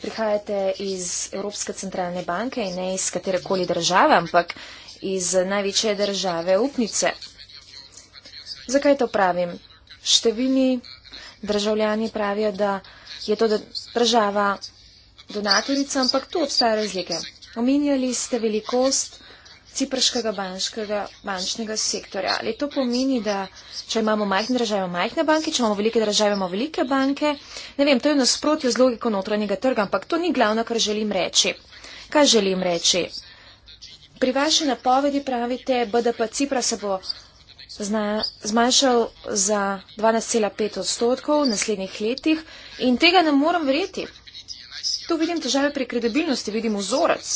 Prihajate iz Evropske centralne banke in ne iz katerekoli države, ampak iz največje države upnice. Zakaj to pravim? Številni državljani pravijo, da je to država donatorica, ampak tu obstaja razlike. Omenjali ste velikost cipraškega bančnega sektorja. Ali to pomeni, da če imamo majhne države, imamo majhne banke, če imamo velike države, imamo velike banke? Ne vem, to je nasprotje z logiko notranjega trga, ampak to ni glavno, kar želim reči. Kaj želim reči? pri vaši napovedi pravite, BDP Cipra se bo zna, zmanjšal za 12,5 odstotkov v naslednjih letih in tega ne morem verjeti. Tu vidim težave pri kredibilnosti, vidim vzorec.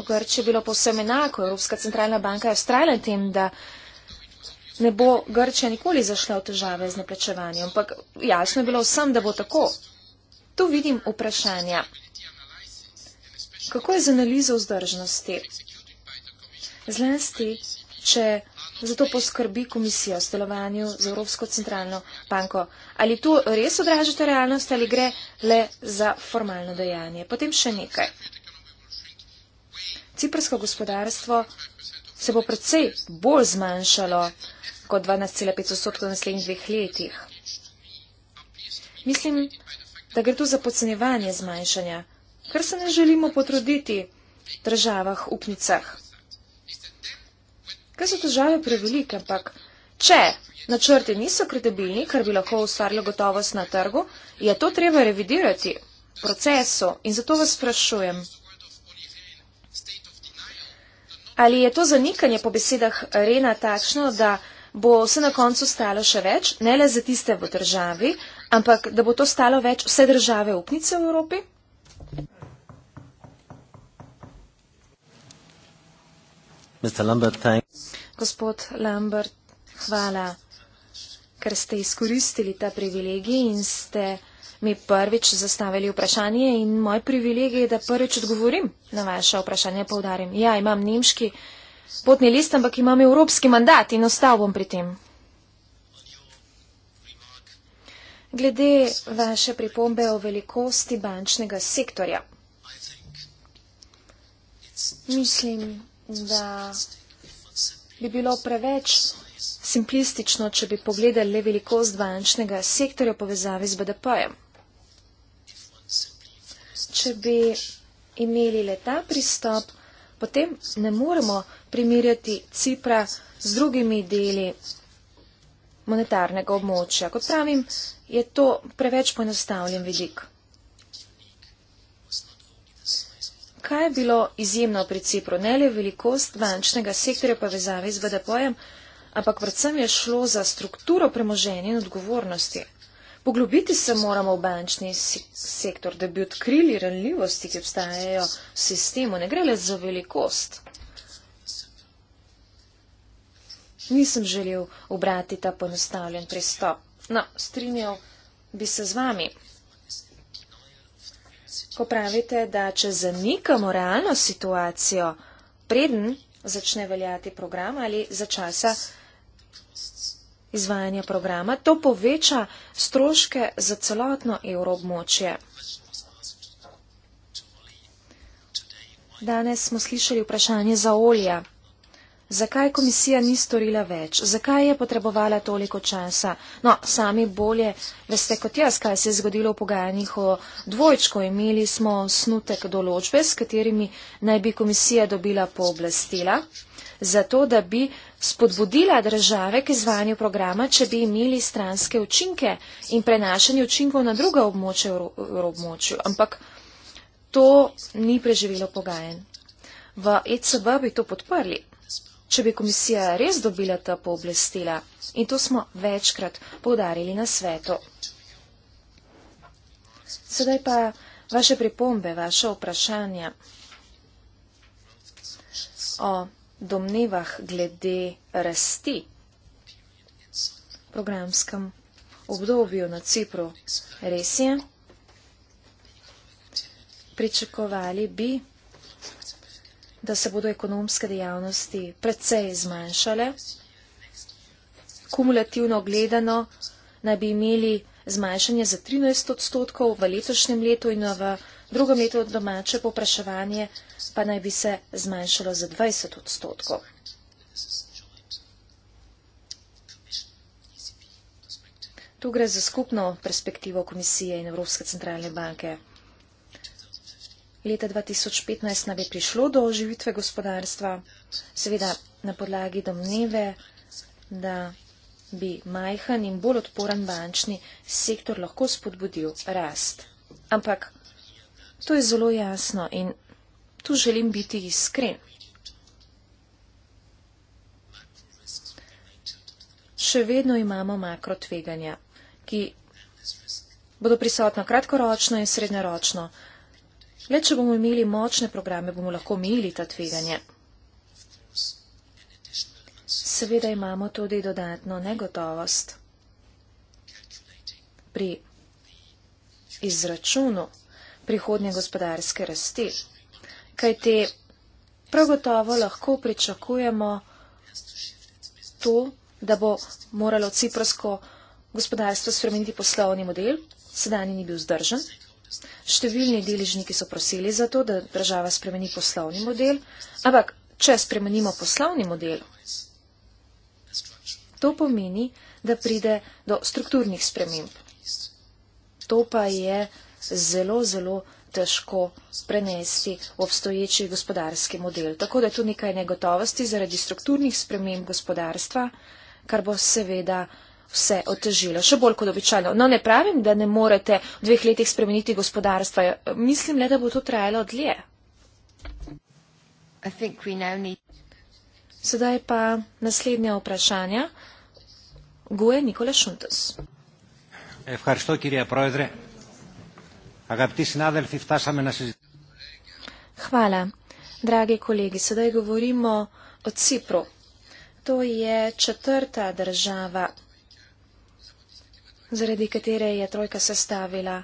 V Grčiji je bilo povsem enako, Evropska centralna banka je ustrajala tem, da ne bo Grčija nikoli zašla v težave z neplačevanjem, ampak jasno je bilo vsem, da bo tako. Tu vidim vprašanja. Kako je z analizo vzdržnosti? Zlasti, če za to poskrbi komisija o stelovanju z Evropsko centralno banko, ali tu res odražate realnost ali gre le za formalno dejanje. Potem še nekaj. Ciprsko gospodarstvo se bo predvsej bolj zmanjšalo kot 12,5 odstotkov v naslednjih dveh letih. Mislim, da gre tu za pocenjevanje zmanjšanja ker se ne želimo potruditi v državah upnicah. Ker so težave prevelike, ampak če načrti niso kredibilni, kar bi lahko ustvarilo gotovost na trgu, je to treba revidirati v procesu in zato vas sprašujem. Ali je to zanikanje po besedah Rena takšno, da bo vse na koncu stalo še več, ne le za tiste v državi, ampak da bo to stalo več vse države upnice v Evropi? Gospod Lambert, hvala, ker ste izkoristili ta privilegij in ste mi prvič zastavili vprašanje in moj privilegij je, da prvič odgovorim na vaše vprašanje. Povdarim, ja, imam nemški potni list, ampak imam evropski mandat in ostal bom pri tem. Glede vaše pripombe o velikosti bančnega sektorja. Mislim, da bi bilo preveč simplistično, če bi pogledali velikost dvajančnega sektorja v povezavi z BDP-jem. Če bi imeli le ta pristop, potem ne moremo primirjati Cipra z drugimi deli monetarnega območja. Kot pravim, je to preveč poenostavljen vidik. kaj je bilo izjemno pri Cipru, ne le velikost bančnega sektorja povezave z BDP-jem, ampak predvsem je šlo za strukturo premoženja in odgovornosti. Poglobiti se moramo v bančni sektor, da bi odkrili ranljivosti, ki obstajajo v sistemu. Ne gre le za velikost. Nisem želel obrati ta ponostavljen pristop. No, strinjal bi se z vami. Ko pravite, da če zanikamo realno situacijo, preden začne veljati program ali za časa izvajanja programa, to poveča stroške za celotno evroobmočje. Danes smo slišali vprašanje za olja zakaj komisija ni storila več, zakaj je potrebovala toliko časa. No, sami bolje veste kot jaz, kaj se je zgodilo v pogajanjih o dvojčko. Imeli smo snutek določbe, s katerimi naj bi komisija dobila pooblastila, zato da bi spodbudila države k izvanju programa, če bi imeli stranske učinke in prenašanje učinkov na druga območja v območju. Ampak to ni preživelo pogajanj. V ECB bi to podprli. Če bi komisija res dobila ta pooblastila, in to smo večkrat povdarili na svetu. Sedaj pa vaše pripombe, vaše vprašanje o domnevah glede rasti programskem obdobju na Cipru. Res je, pričakovali bi, da se bodo ekonomske dejavnosti precej zmanjšale. Kumulativno gledano naj bi imeli zmanjšanje za 13 odstotkov v letošnjem letu in v drugem letu domače popraševanje pa naj bi se zmanjšalo za 20 odstotkov. Tu gre za skupno perspektivo komisije in Evropske centralne banke leta 2015 nam je prišlo do oživitve gospodarstva, seveda na podlagi domneve, da bi majhen in bolj odporen bančni sektor lahko spodbudil rast. Ampak to je zelo jasno in tu želim biti iskren. Še vedno imamo makrotveganja, ki bodo prisotno kratkoročno in srednjeročno. Le če bomo imeli močne programe, bomo lahko imeli ta tveganje. Seveda imamo tudi dodatno negotovost pri izračunu prihodnje gospodarske rasti, kajte prav gotovo lahko pričakujemo to, da bo moralo ciprsko gospodarstvo spremeniti poslovni model, sedanji ni bil zdržen, Številni deležniki so prosili za to, da država spremeni poslovni model, ampak če spremenimo poslovni model, to pomeni, da pride do strukturnih sprememb. To pa je zelo, zelo težko prenesti v obstoječi gospodarski model. Tako da je tu nekaj negotovosti zaradi strukturnih sprememb gospodarstva, kar bo seveda vse otežilo, še bolj kot običajno. No, ne pravim, da ne morete v dveh letih spremeniti gospodarstva. Mislim le, da bo to trajalo dlje. Need... Sedaj pa naslednja vprašanja. Goje Nikola Šuntos. Hvala. Dragi kolegi, sedaj govorimo o Cipru. To je četrta država zaradi katere je trojka sestavila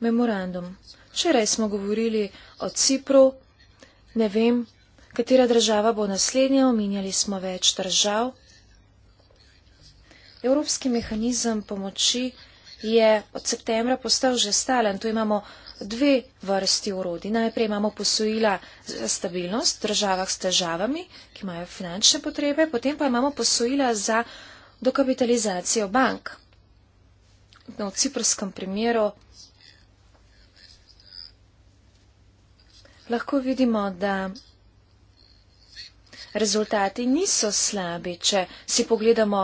memorandum. Včeraj smo govorili o Cipru, ne vem, katera država bo naslednja, omenjali smo več držav. Evropski mehanizem pomoči je od septembra postal že stalen. Tu imamo dve vrsti urodi. Najprej imamo posojila za stabilnost v državah s težavami, ki imajo finančne potrebe, potem pa imamo posojila za dokapitalizacijo bank trenutno v ciprskem primeru, lahko vidimo, da rezultati niso slabi, če si pogledamo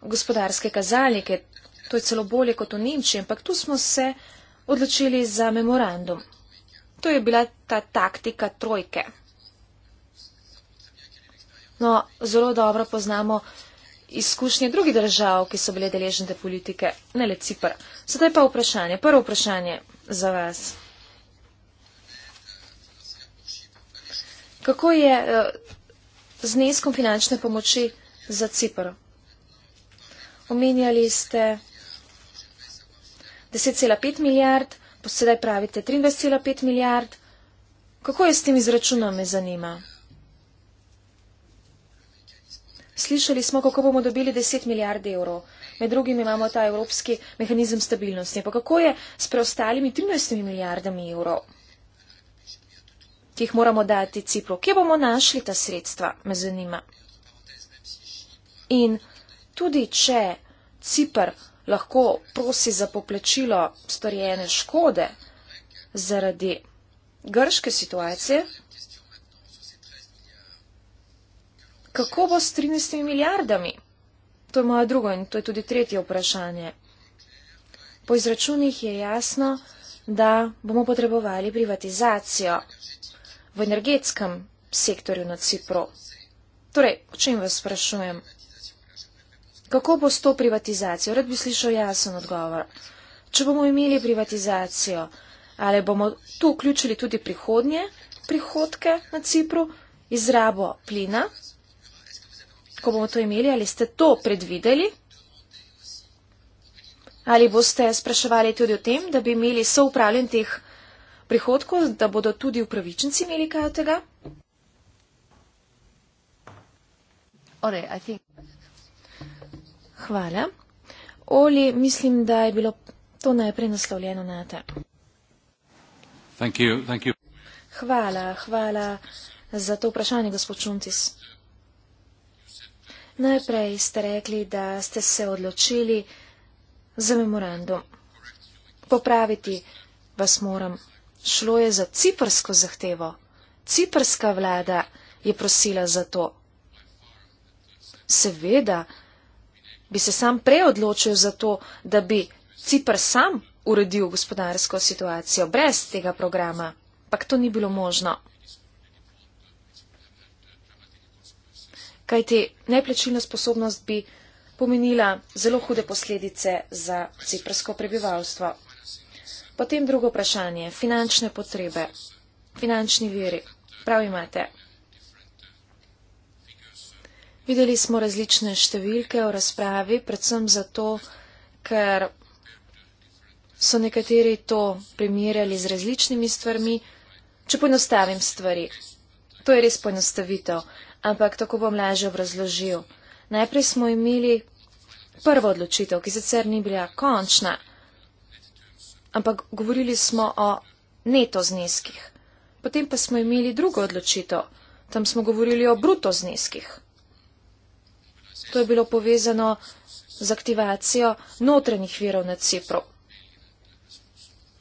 gospodarske kazalnike. To je celo bolje kot v Nemčiji, ampak tu smo se odločili za memorandum. To je bila ta taktika trojke. No, zelo dobro poznamo izkušnje drugih držav, ki so bile deležne te politike, ne le Cipr. Sedaj pa vprašanje, prvo vprašanje za vas. Kako je eh, z neskom finančne pomoči za Cipr? Omenjali ste 10,5 milijard, posedaj pravite 23,5 milijard. Kako je s tem izračunom, me zanima? slišali smo, kako bomo dobili 10 milijard evrov. Med drugim imamo ta evropski mehanizem stabilnosti. Pa kako je s preostalimi 13 milijardami evrov, ki jih moramo dati Cipru? Kje bomo našli ta sredstva, me zanima. In tudi, če Cipr lahko prosi za poplačilo storjene škode zaradi grške situacije, kako bo s 13 milijardami? To je moja druga in to je tudi tretje vprašanje. Po izračunih je jasno, da bomo potrebovali privatizacijo v energetskem sektorju na Cipru. Torej, o čem vas sprašujem? Kako bo s to privatizacijo? Rad bi slišal jasen odgovor. Če bomo imeli privatizacijo, ali bomo tu vključili tudi prihodnje prihodke na Cipru, izrabo plina ko bomo to imeli, ali ste to predvideli? Ali boste spraševali tudi o tem, da bi imeli soupravljen teh prihodkov, da bodo tudi upravičenci imeli kaj od tega? Hvala. Oli, mislim, da je bilo to najprej naslovljeno na te. Hvala, hvala za to vprašanje, gospod Čuntis. Najprej ste rekli, da ste se odločili za memorandum. Popraviti vas moram. Šlo je za ciprsko zahtevo. Ciprska vlada je prosila za to. Seveda, bi se sam prej odločil za to, da bi Cipr sam uredil gospodarsko situacijo brez tega programa, pa to ni bilo možno. kajti neplačilna sposobnost bi pomenila zelo hude posledice za ciprsko prebivalstvo. Potem drugo vprašanje, finančne potrebe, finančni viri. Prav imate. Videli smo različne številke v razpravi, predvsem zato, ker so nekateri to primerjali z različnimi stvarmi. Če poenostavim stvari, to je res poenostavitev ampak tako bom lažje obrazložil. Najprej smo imeli prvo odločitev, ki sicer ni bila končna, ampak govorili smo o neto zneskih. Potem pa smo imeli drugo odločitev, tam smo govorili o bruto zneskih. To je bilo povezano z aktivacijo notrenjih virov na Cipru.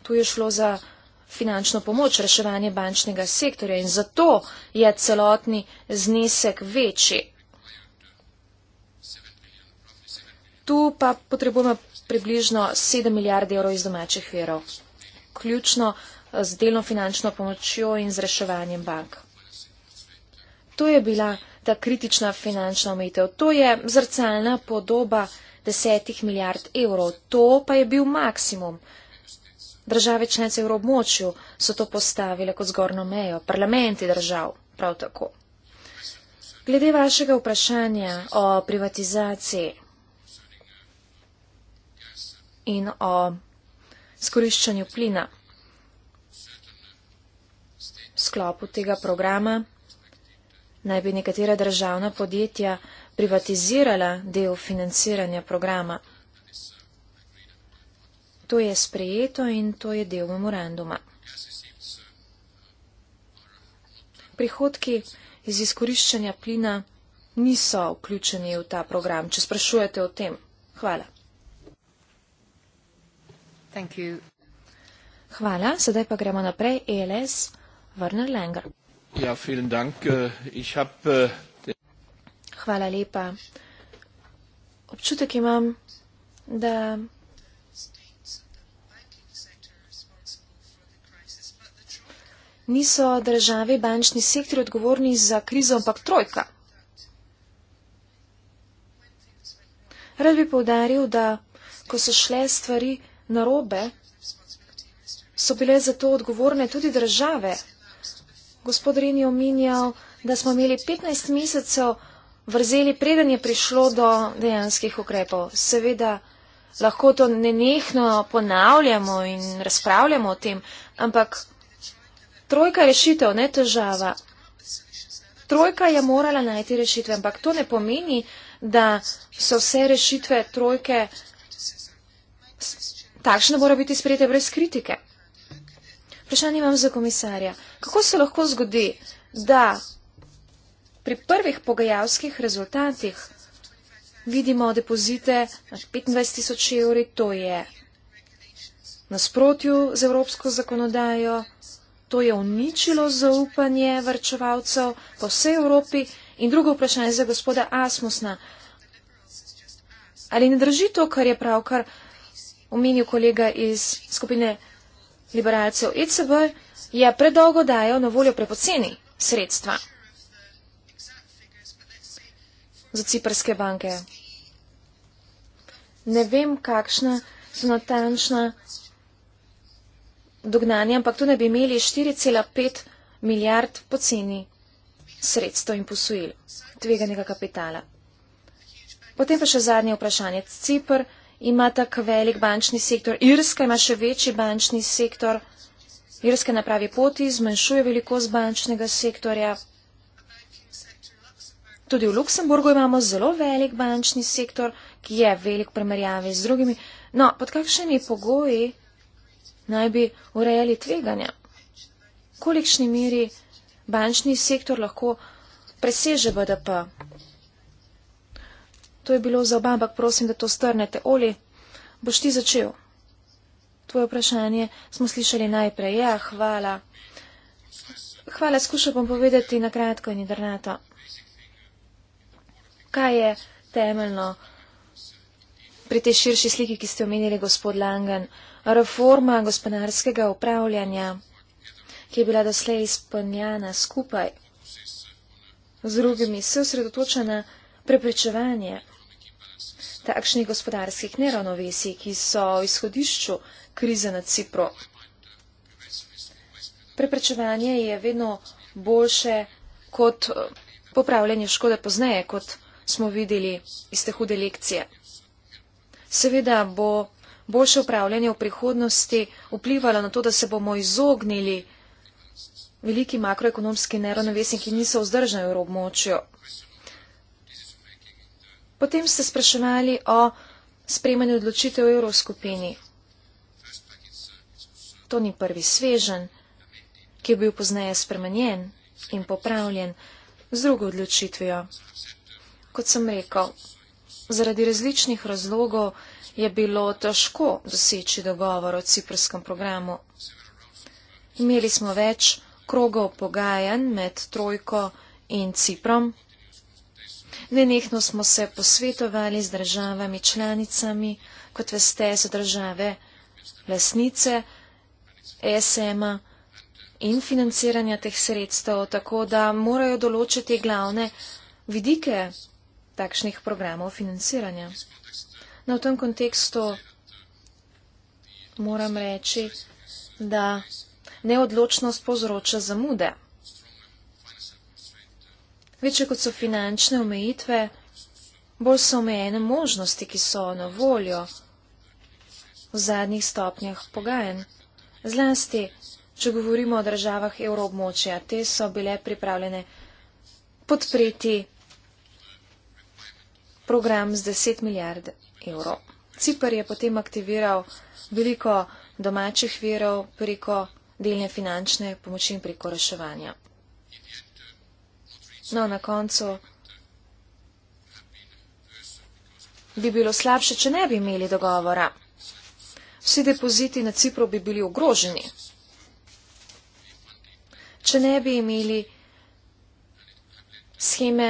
Tu je šlo za finančno pomoč, reševanje bančnega sektorja in zato je celotni znesek večji. Tu pa potrebujemo približno 7 milijard evrov iz domačih verov, ključno z delno finančno pomočjo in z reševanjem bank. To je bila ta kritična finančna omejitev. To je zrcalna podoba 10 milijard evrov. To pa je bil maksimum. Države članice v območju so to postavile kot zgornjo mejo, parlamenti držav prav tako. Glede vašega vprašanja o privatizaciji in o skoriščanju plina v sklopu tega programa, naj bi nekatera državna podjetja privatizirala del financiranja programa. To je sprejeto in to je del memoranduma. Prihodki iz izkoriščanja plina niso vključeni v ta program, če sprašujete o tem. Hvala. Hvala, sedaj pa gremo naprej. ELS, Werner Langer. Ja, dank. Äh, ich hab, de... Äh, hvala lepa. Občutek imam, da Niso države bančni sektor odgovorni za krizo, ampak trojka. Rad bi povdaril, da ko so šle stvari narobe, so bile za to odgovorne tudi države. Gospod Ren je omenjal, da smo imeli 15 mesecev vrzeli, preden je prišlo do dejanskih ukrepov. Seveda lahko to nenehno ponavljamo in razpravljamo o tem, ampak. Trojka je rešitev, ne težava. Trojka je morala najti rešitve, ampak to ne pomeni, da so vse rešitve trojke takšne, mora biti sprejete brez kritike. Vprašanje imam za komisarja. Kako se lahko zgodi, da pri prvih pogajalskih rezultatih vidimo depozite na 25 tisoč evri, to je nasprotju z evropsko zakonodajo. To je uničilo zaupanje varčevalcev po vsej Evropi. In drugo vprašanje za gospoda Asmusna. Ali ne drži to, kar je pravkar omenil kolega iz skupine liberalcev ECB, je predolgo dajo na voljo prepoceni sredstva za ciprske banke? Ne vem, kakšna so natančna dognanje, ampak tu ne bi imeli 4,5 milijard poceni sredstev in posojil tveganega kapitala. Potem pa še zadnje vprašanje. Cipr ima tako velik bančni sektor, Irska ima še večji bančni sektor, Irska na pravi poti zmanjšuje velikost bančnega sektorja. Tudi v Luksemburgu imamo zelo velik bančni sektor, ki je velik primerjavi z drugimi. No, pod kakšnimi pogoji naj bi urejali tveganja. Kolikšni meri bančni sektor lahko preseže BDP? To je bilo za oba, ampak prosim, da to strnete. Oli, boš ti začel? Tvoje vprašanje smo slišali najprej. Ja, hvala. Hvala, skušal bom povedati na kratko in jedrnato. Kaj je temeljno? pri tej širši sliki, ki ste omenili, gospod Langan, reforma gospodarskega upravljanja, ki je bila doslej izpolnjena skupaj z drugimi, se osredotoča na preprečevanje takšnih gospodarskih neravnovesij, ki so v izhodišču krize na Cipru. Preprečevanje je vedno boljše kot popravljanje škode pozneje, kot smo videli iz te hude lekcije. Seveda bo boljše upravljanje v prihodnosti vplivalo na to, da se bomo izognili veliki makroekonomski neravnovesni, ki niso vzdržni v območju. Potem ste spraševali o spremenju odločitev v evroskupini. To ni prvi svežen, ki je bil pozneje spremenjen in popravljen z drugo odločitvijo. Kot sem rekel, Zaradi različnih razlogov je bilo težko doseči dogovor o ciprskem programu. Imeli smo več krogov pogajanj med Trojko in Ciprom. Nenehno smo se posvetovali z državami članicami, kot veste, so države lasnice SM-a in financiranja teh sredstev, tako da morajo določiti glavne vidike takšnih programov financiranja. Na no, tem kontekstu moram reči, da neodločnost povzroča zamude. Večje kot so finančne omejitve, bolj so omejene možnosti, ki so na voljo v zadnjih stopnjah pogajen. Zlasti, če govorimo o državah evroobmočja, te so bile pripravljene podpreti program z 10 milijard evrov. Cipr je potem aktiviral veliko domačih verov preko delne finančne pomoči in preko reševanja. No, na koncu bi bilo slabše, če ne bi imeli dogovora. Vsi depoziti na Cipru bi bili ogroženi. Če ne bi imeli scheme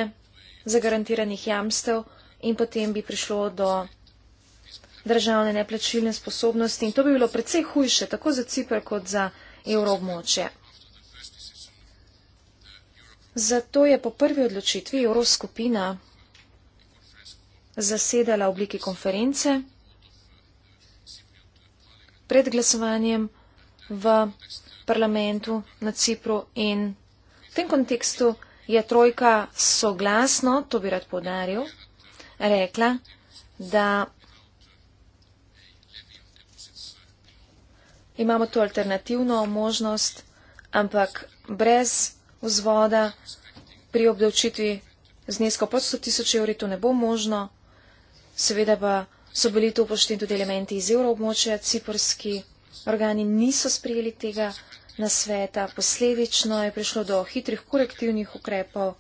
za garantiranih jamstev, in potem bi prišlo do državne neplačilne sposobnosti in to bi bilo precej hujše, tako za Cipr kot za evroobmočje. Zato je po prvi odločitvi evroskupina zasedala v obliki konference pred glasovanjem v parlamentu na Cipru in v tem kontekstu je trojka soglasno, to bi rad podaril, rekla, da imamo to alternativno možnost, ampak brez vzvoda pri obdavčitvi znesko pod 100 tisoč evri to ne bo možno. Seveda pa so bili to pošteni tudi elementi iz evroobmočja, ciporski organi niso sprijeli tega na sveta, posledično je prišlo do hitrih korektivnih ukrepov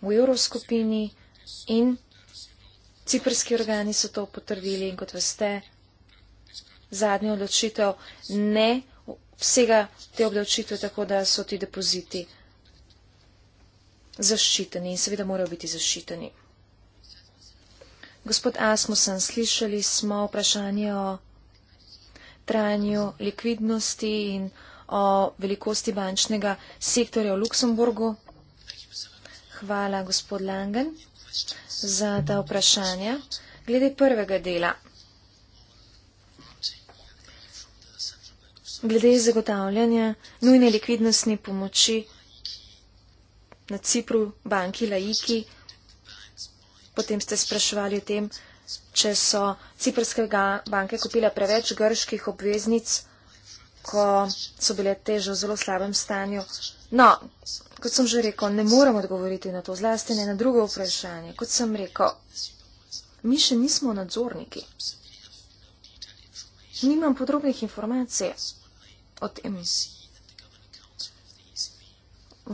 v evroskupini in ciprski organi so to potrdili in kot veste, zadnja odločitev ne vsega te obdavčitve, tako da so ti depoziti zaščiteni in seveda morajo biti zaščiteni. Gospod Asmusen, slišali smo vprašanje o trajanju likvidnosti in o velikosti bančnega sektorja v Luksemburgu. Hvala, gospod Langen za ta vprašanja. Glede prvega dela. Glede zagotavljanja nujne likvidnostne pomoči na Cipru, banki Laiki, potem ste spraševali o tem, če so ciprske banke kupile preveč grških obveznic, ko so bile teže v zelo slabem stanju. No, Kot sem že rekel, ne moram odgovoriti na to, zlasti ne na drugo vprašanje. Kot sem rekel, mi še nismo nadzorniki. Nimam podrobnih informacij o tem.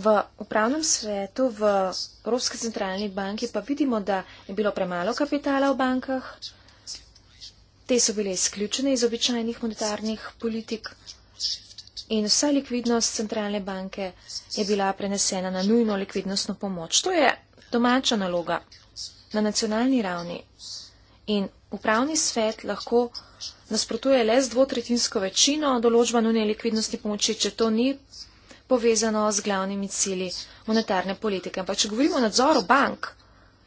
V upravnem svetu, v Evropski centralni banki pa vidimo, da je bilo premalo kapitala v bankah. Te so bile izključene iz običajnih monetarnih politik in vsa likvidnost centralne banke je bila prenesena na nujno likvidnostno pomoč. To je domača naloga na nacionalni ravni in upravni svet lahko nasprotuje le z dvotretinsko večino določba nujne likvidnostne pomoči, če to ni povezano z glavnimi cilji monetarne politike. Ampak, če govorimo o nadzoru bank,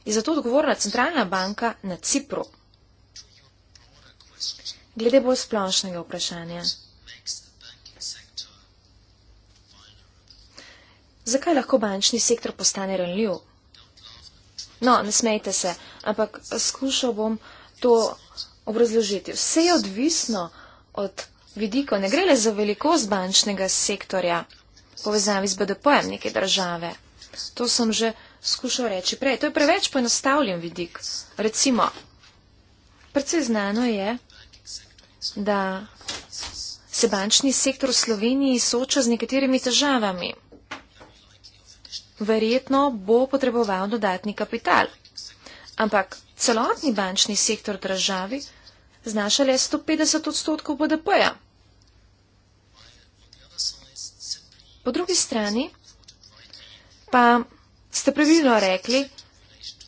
je zato odgovorna centralna banka na Cipru. Glede bolj splošnega vprašanja. Zakaj lahko bančni sektor postane ranljiv? No, ne smejte se, ampak skušal bom to obrazložiti. Vse je odvisno od vidika, ne gre le za velikost bančnega sektorja v povezavi z BDP-jem neke države. To sem že skušal reči prej. To je preveč poenostavljen vidik. Recimo, predvsej znano je, da se bančni sektor v Sloveniji sooča z nekaterimi težavami verjetno bo potreboval dodatni kapital. Ampak celotni bančni sektor državi znaša le 150 odstotkov BDP-ja. Po drugi strani pa ste pravilno rekli,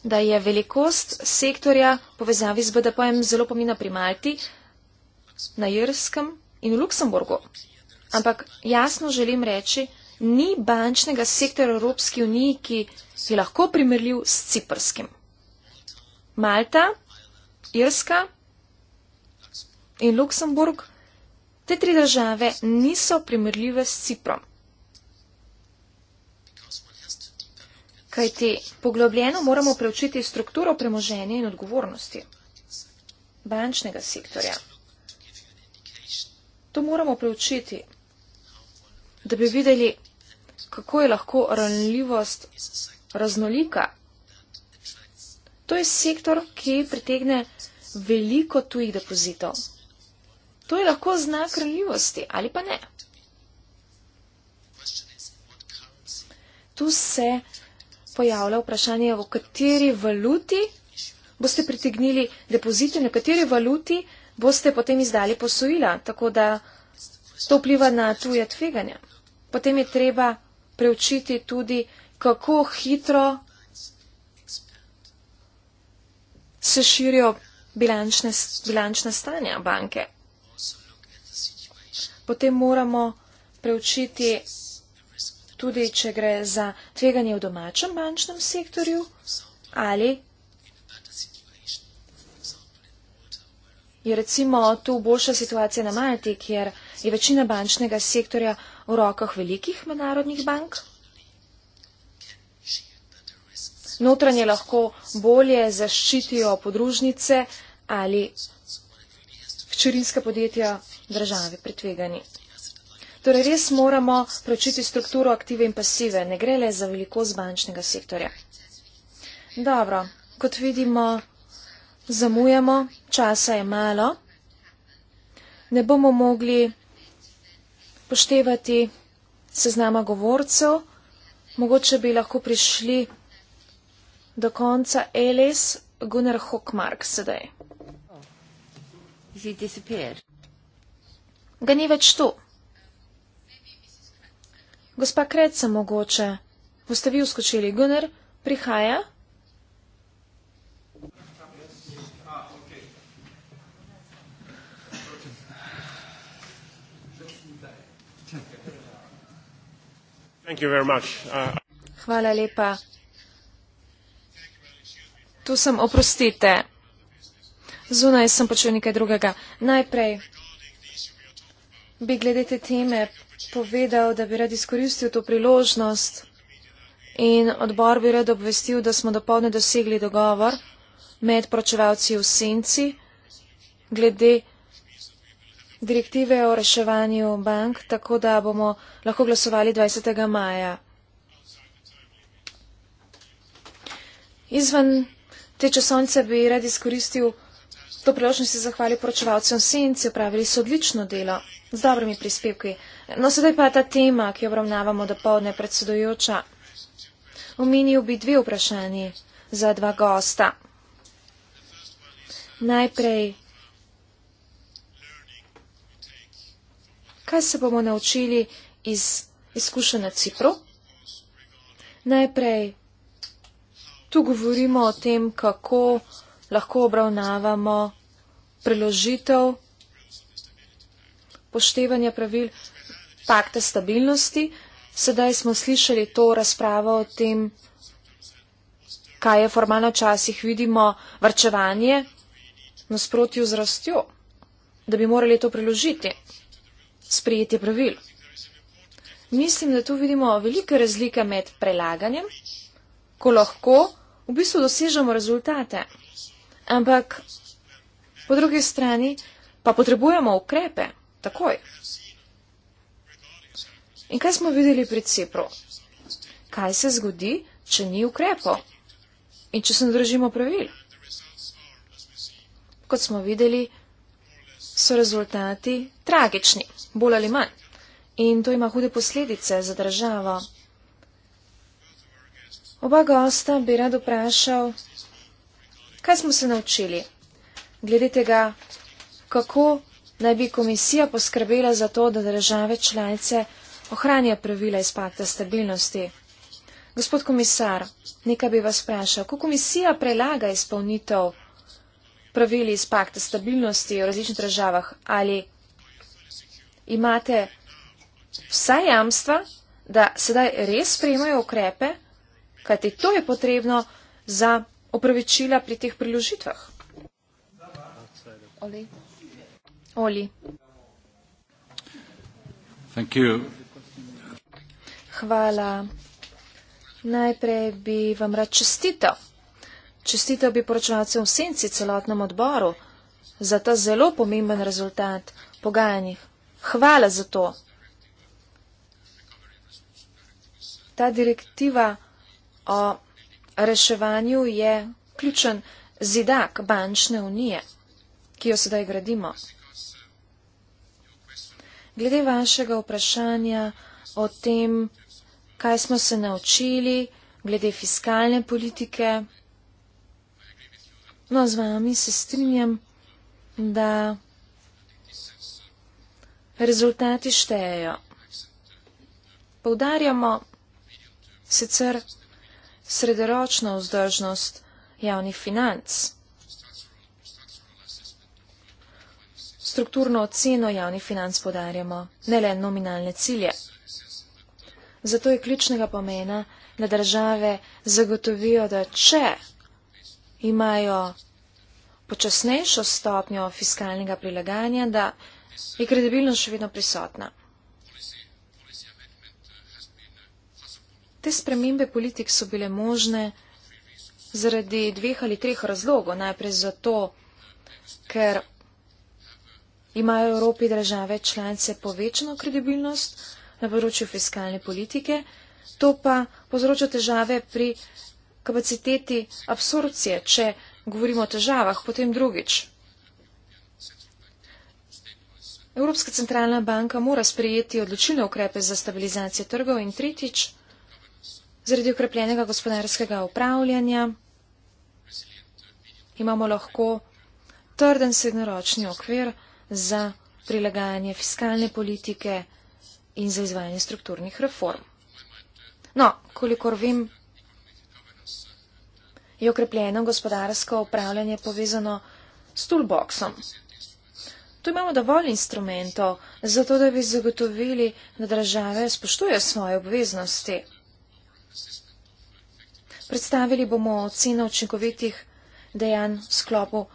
da je velikost sektorja povezavi z BDP-jem zelo pomembna pri Malti, na Jerskem in v Luksemburgu. Ampak jasno želim reči, ni bančnega sektora Evropske unije, ki je lahko primerljiv s ciprskim. Malta, Irska in Luksemburg, te tri države niso primerljive s Ciprom. Kajti poglobljeno moramo preučiti strukturo premoženja in odgovornosti bančnega sektorja. To moramo preučiti, da bi videli, kako je lahko ranljivost raznolika. To je sektor, ki pritegne veliko tujih depozitov. To je lahko znak ranljivosti ali pa ne. Tu se pojavlja vprašanje, v kateri valuti boste pritegnili depozite, na kateri valuti boste potem izdali posojila, tako da to vpliva na tuje tveganja. Potem je treba preučiti tudi, kako hitro se širijo bilančne, bilančne stanja banke. Potem moramo preučiti tudi, če gre za tveganje v domačem bančnem sektorju ali je recimo tu boljša situacija na Malti, kjer je večina bančnega sektorja v rokah velikih mednarodnih bank? Notranje lahko bolje zaščitijo podružnice ali včerinska podjetja države pri tveganji. Torej res moramo pročiti strukturo aktive in pasive, ne gre le za velikost bančnega sektorja. Dobro, kot vidimo, zamujamo, časa je malo, ne bomo mogli upoštevati seznama govorcev. Mogoče bi lahko prišli do konca Elis Gunnar Hockmark sedaj. Ga ni več tu. Gospa Kreca, mogoče. Boste vi uskočili, Gunnar? Prihaja? Uh, Hvala lepa. Tu sem, oprostite. Zunaj sem počel nekaj drugega. Najprej bi glede te teme povedal, da bi rad izkoristil to priložnost in odbor bi rad obvestil, da smo dopolne dosegli dogovor med pročevalci v senci glede direktive o reševanju bank, tako da bomo lahko glasovali 20. maja. Izven te časovnice bi rad izkoristil to priložnost in se zahvalil poročevalcem Senci, upravili so odlično delo z dobrimi prispevki. No, sedaj pa ta tema, ki jo obravnavamo do povdne predsedujoča. Omenil bi dve vprašanji za dva gosta. Najprej kaj se bomo naučili iz izkušenja Cipru? Najprej tu govorimo o tem, kako lahko obravnavamo preložitev poštevanja pravil pakta stabilnosti. Sedaj smo slišali to razpravo o tem, kaj je formalno včasih vidimo vrčevanje nasprotju z rastjo, da bi morali to preložiti sprejetje pravil. Mislim, da tu vidimo velike razlike med prelaganjem, ko lahko v bistvu dosežemo rezultate. Ampak po drugi strani pa potrebujemo ukrepe takoj. In kaj smo videli pri Cipru? Kaj se zgodi, če ni ukrepov? In če se ne držimo pravil? Kot smo videli, so rezultati tragični, bolj ali manj. In to ima hude posledice za državo. Oba gosta bi rad vprašal, kaj smo se naučili, glede tega, kako naj bi komisija poskrbela za to, da države članice ohranja pravila iz pakta stabilnosti. Gospod komisar, nekaj bi vas vprašal, ko komisija prelaga izpolnitev pravili iz pakta stabilnosti v različnih državah, ali imate vsa jamstva, da sedaj res sprejemajo ukrepe, kajti to je potrebno za opravičila pri teh priložitvah. Oli. Oli. Hvala. Najprej bi vam rad čestitev. Čestitev bi poročevalcev v senci celotnem odboru za ta zelo pomemben rezultat pogajanjih. Hvala za to. Ta direktiva o reševanju je ključen zidak bančne unije, ki jo sedaj gradimo. Glede vašega vprašanja o tem, kaj smo se naučili glede fiskalne politike, No, z vami se strinjam, da rezultati štejejo. Poudarjamo sicer srederočno vzdržnost javnih financ, strukturno oceno javnih financ podarjamo, ne le nominalne cilje. Zato je ključnega pomena, da države zagotovijo, da če imajo počasnejšo stopnjo fiskalnega prilagajanja, da je kredibilnost še vedno prisotna. Te spremembe politik so bile možne zaradi dveh ali treh razlogov. Najprej zato, ker imajo v Evropi države članice povečano kredibilnost na področju fiskalne politike, to pa povzroča težave pri kapaciteti absorpcije, če govorimo o težavah, potem drugič. Evropska centralna banka mora sprejeti odločilne ukrepe za stabilizacijo trgov in tretjič, zaradi okrepljenega gospodarskega upravljanja imamo lahko trden srednjeročni okvir za prilagajanje fiskalne politike in za izvajanje strukturnih reform. No, kolikor vem, je okrepljeno gospodarsko upravljanje povezano s toolboxom. Tu imamo dovolj instrumentov, zato da bi zagotovili, da države spoštuje svoje obveznosti. Predstavili bomo oceno učinkovitih dejanj v sklopu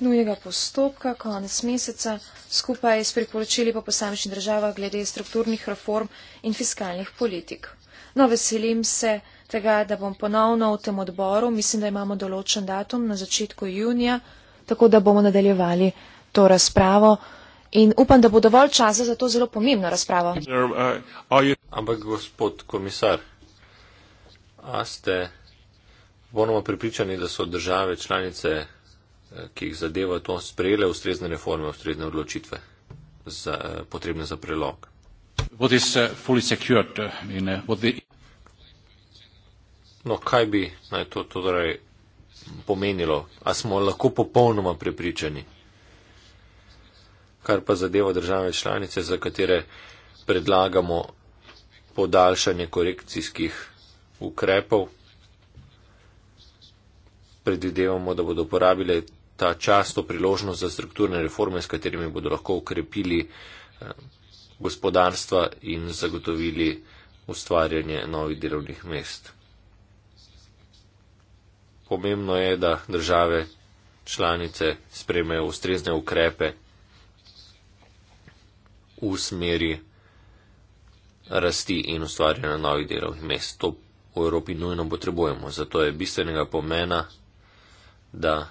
nujnega postopka konec meseca, skupaj s priporočili po posamečnih državah glede strukturnih reform in fiskalnih politik. No, veselim se, tega, da bom ponovno v tem odboru. Mislim, da imamo določen datum na začetku junija, tako da bomo nadaljevali to razpravo. In upam, da bo dovolj časa za to zelo pomembno razpravo. Ampak, gospod komisar, a ste ponovno pripričani, da so države članice, eh, ki jih zadeva to, sprejele ustrezne reforme, ustrezne odločitve za, eh, potrebne za prelog? What is uh, fully secured uh, in uh, what the No, kaj bi naj to torej pomenilo? A smo lahko popolnoma prepričani? Kar pa zadeva države članice, za katere predlagamo podaljšanje korekcijskih ukrepov, predvidevamo, da bodo uporabile ta často priložnost za strukturne reforme, s katerimi bodo lahko ukrepili eh, gospodarstva in zagotovili ustvarjanje novih delovnih mest pomembno je, da države članice spremejo ustrezne ukrepe v smeri rasti in ustvarjanja novih delovnih mest. To v Evropi nujno potrebujemo, zato je bistvenega pomena, da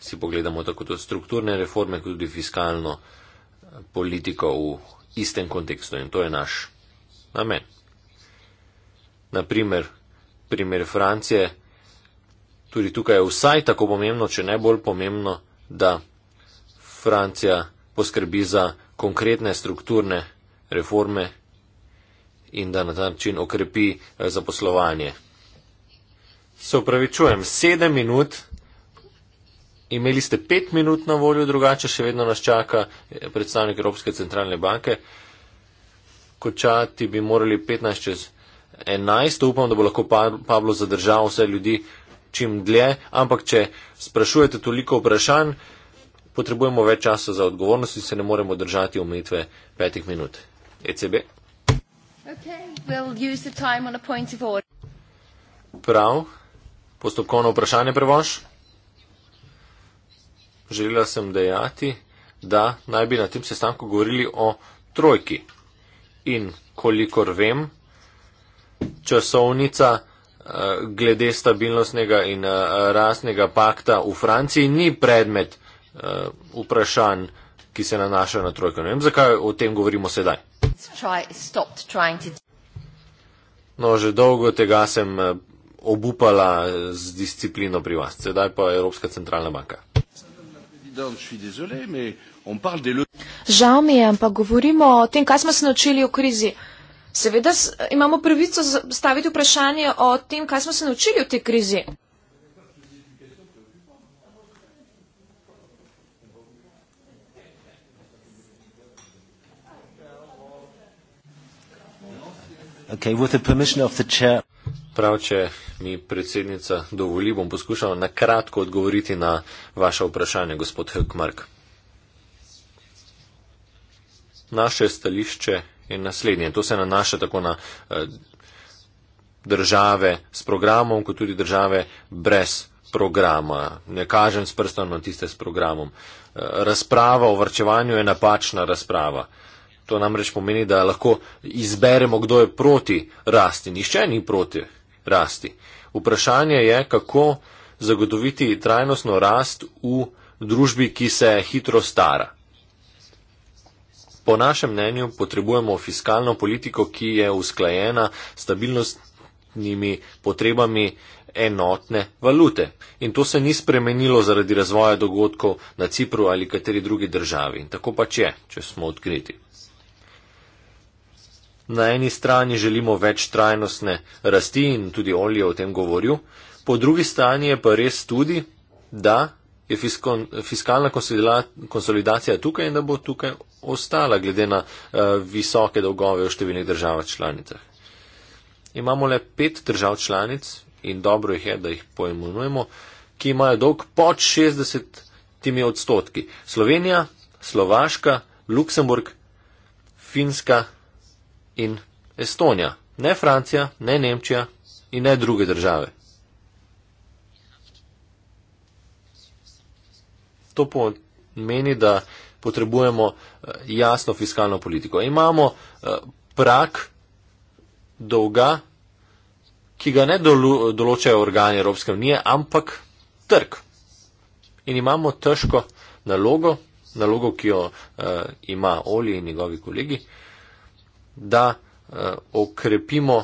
si pogledamo tako tudi strukturne reforme, kot tudi fiskalno politiko v istem kontekstu in to je naš namen. Naprimer, primer Francije, tudi tukaj je vsaj tako pomembno, če ne bolj pomembno, da Francija poskrbi za konkretne strukturne reforme in da na ta način okrepi eh, zaposlovanje. Se upravičujem, sedem minut, imeli ste pet minut na voljo, drugače še vedno nas čaka eh, predstavnik Evropske centralne banke. Končati bi morali 15 čez 11, upam, da bo lahko Pablo zadržal vse ljudi čim dlje, ampak če sprašujete toliko vprašanj, potrebujemo več časa za odgovornost in se ne moremo držati omejitve petih minut. ECB. Okay, we'll Prav, postopkovno vprašanje prevož. Želela sem dejati, da naj bi na tem sestanku govorili o trojki. In kolikor vem, časovnica. Eh, glede stabilnostnega in eh, rasnega pakta v Franciji ni predmet eh, vprašanj, ki se nanaša na trojko. Ne vem, zakaj o tem govorimo sedaj. No, že dolgo tega sem obupala z disciplino pri vas, sedaj pa Evropska centralna banka. Žal mi je, ampak govorimo o tem, kaj smo se naučili v krizi. Seveda imamo pravico staviti vprašanje o tem, kaj smo se naučili v tej krizi. Okay, with the permission of the chair. Prav, če mi predsednica dovoli, bom poskušal na kratko odgovoriti na vaše vprašanje, gospod Hökmark. Naše stališče in naslednje. To se nanaša tako na eh, države s programom, kot tudi države brez programa. Ne kažem s prstom na tiste s programom. Eh, razprava o vrčevanju je napačna razprava. To namreč pomeni, da lahko izberemo, kdo je proti rasti. Nihče ni proti rasti. Vprašanje je, kako zagotoviti trajnostno rast v družbi, ki se hitro stara. Po našem mnenju potrebujemo fiskalno politiko, ki je usklajena s stabilnostnimi potrebami enotne valute. In to se ni spremenilo zaradi razvoja dogodkov na Cipru ali kateri drugi državi. In tako pač je, če smo odkriti. Na eni strani želimo več trajnostne rasti in tudi Olje o tem govoril, po drugi strani je pa res tudi, da je fiskalna konsolidacija tukaj in da bo tukaj ostala glede na uh, visoke dolgove v številnih državah članicah. Imamo le pet držav članic in dobro jih je, da jih poimenujemo, ki imajo dolg pod 60 odstotki. Slovenija, Slovaška, Luksemburg, Finska in Estonija. Ne Francija, ne Nemčija in ne druge države. To pomeni, da potrebujemo eh, jasno fiskalno politiko. Imamo eh, prak dolga, ki ga ne določajo organi Evropske unije, ampak trg. In imamo težko nalogo, nalogo, ki jo uh, ima Oli in njegovi kolegi, da uh, okrepimo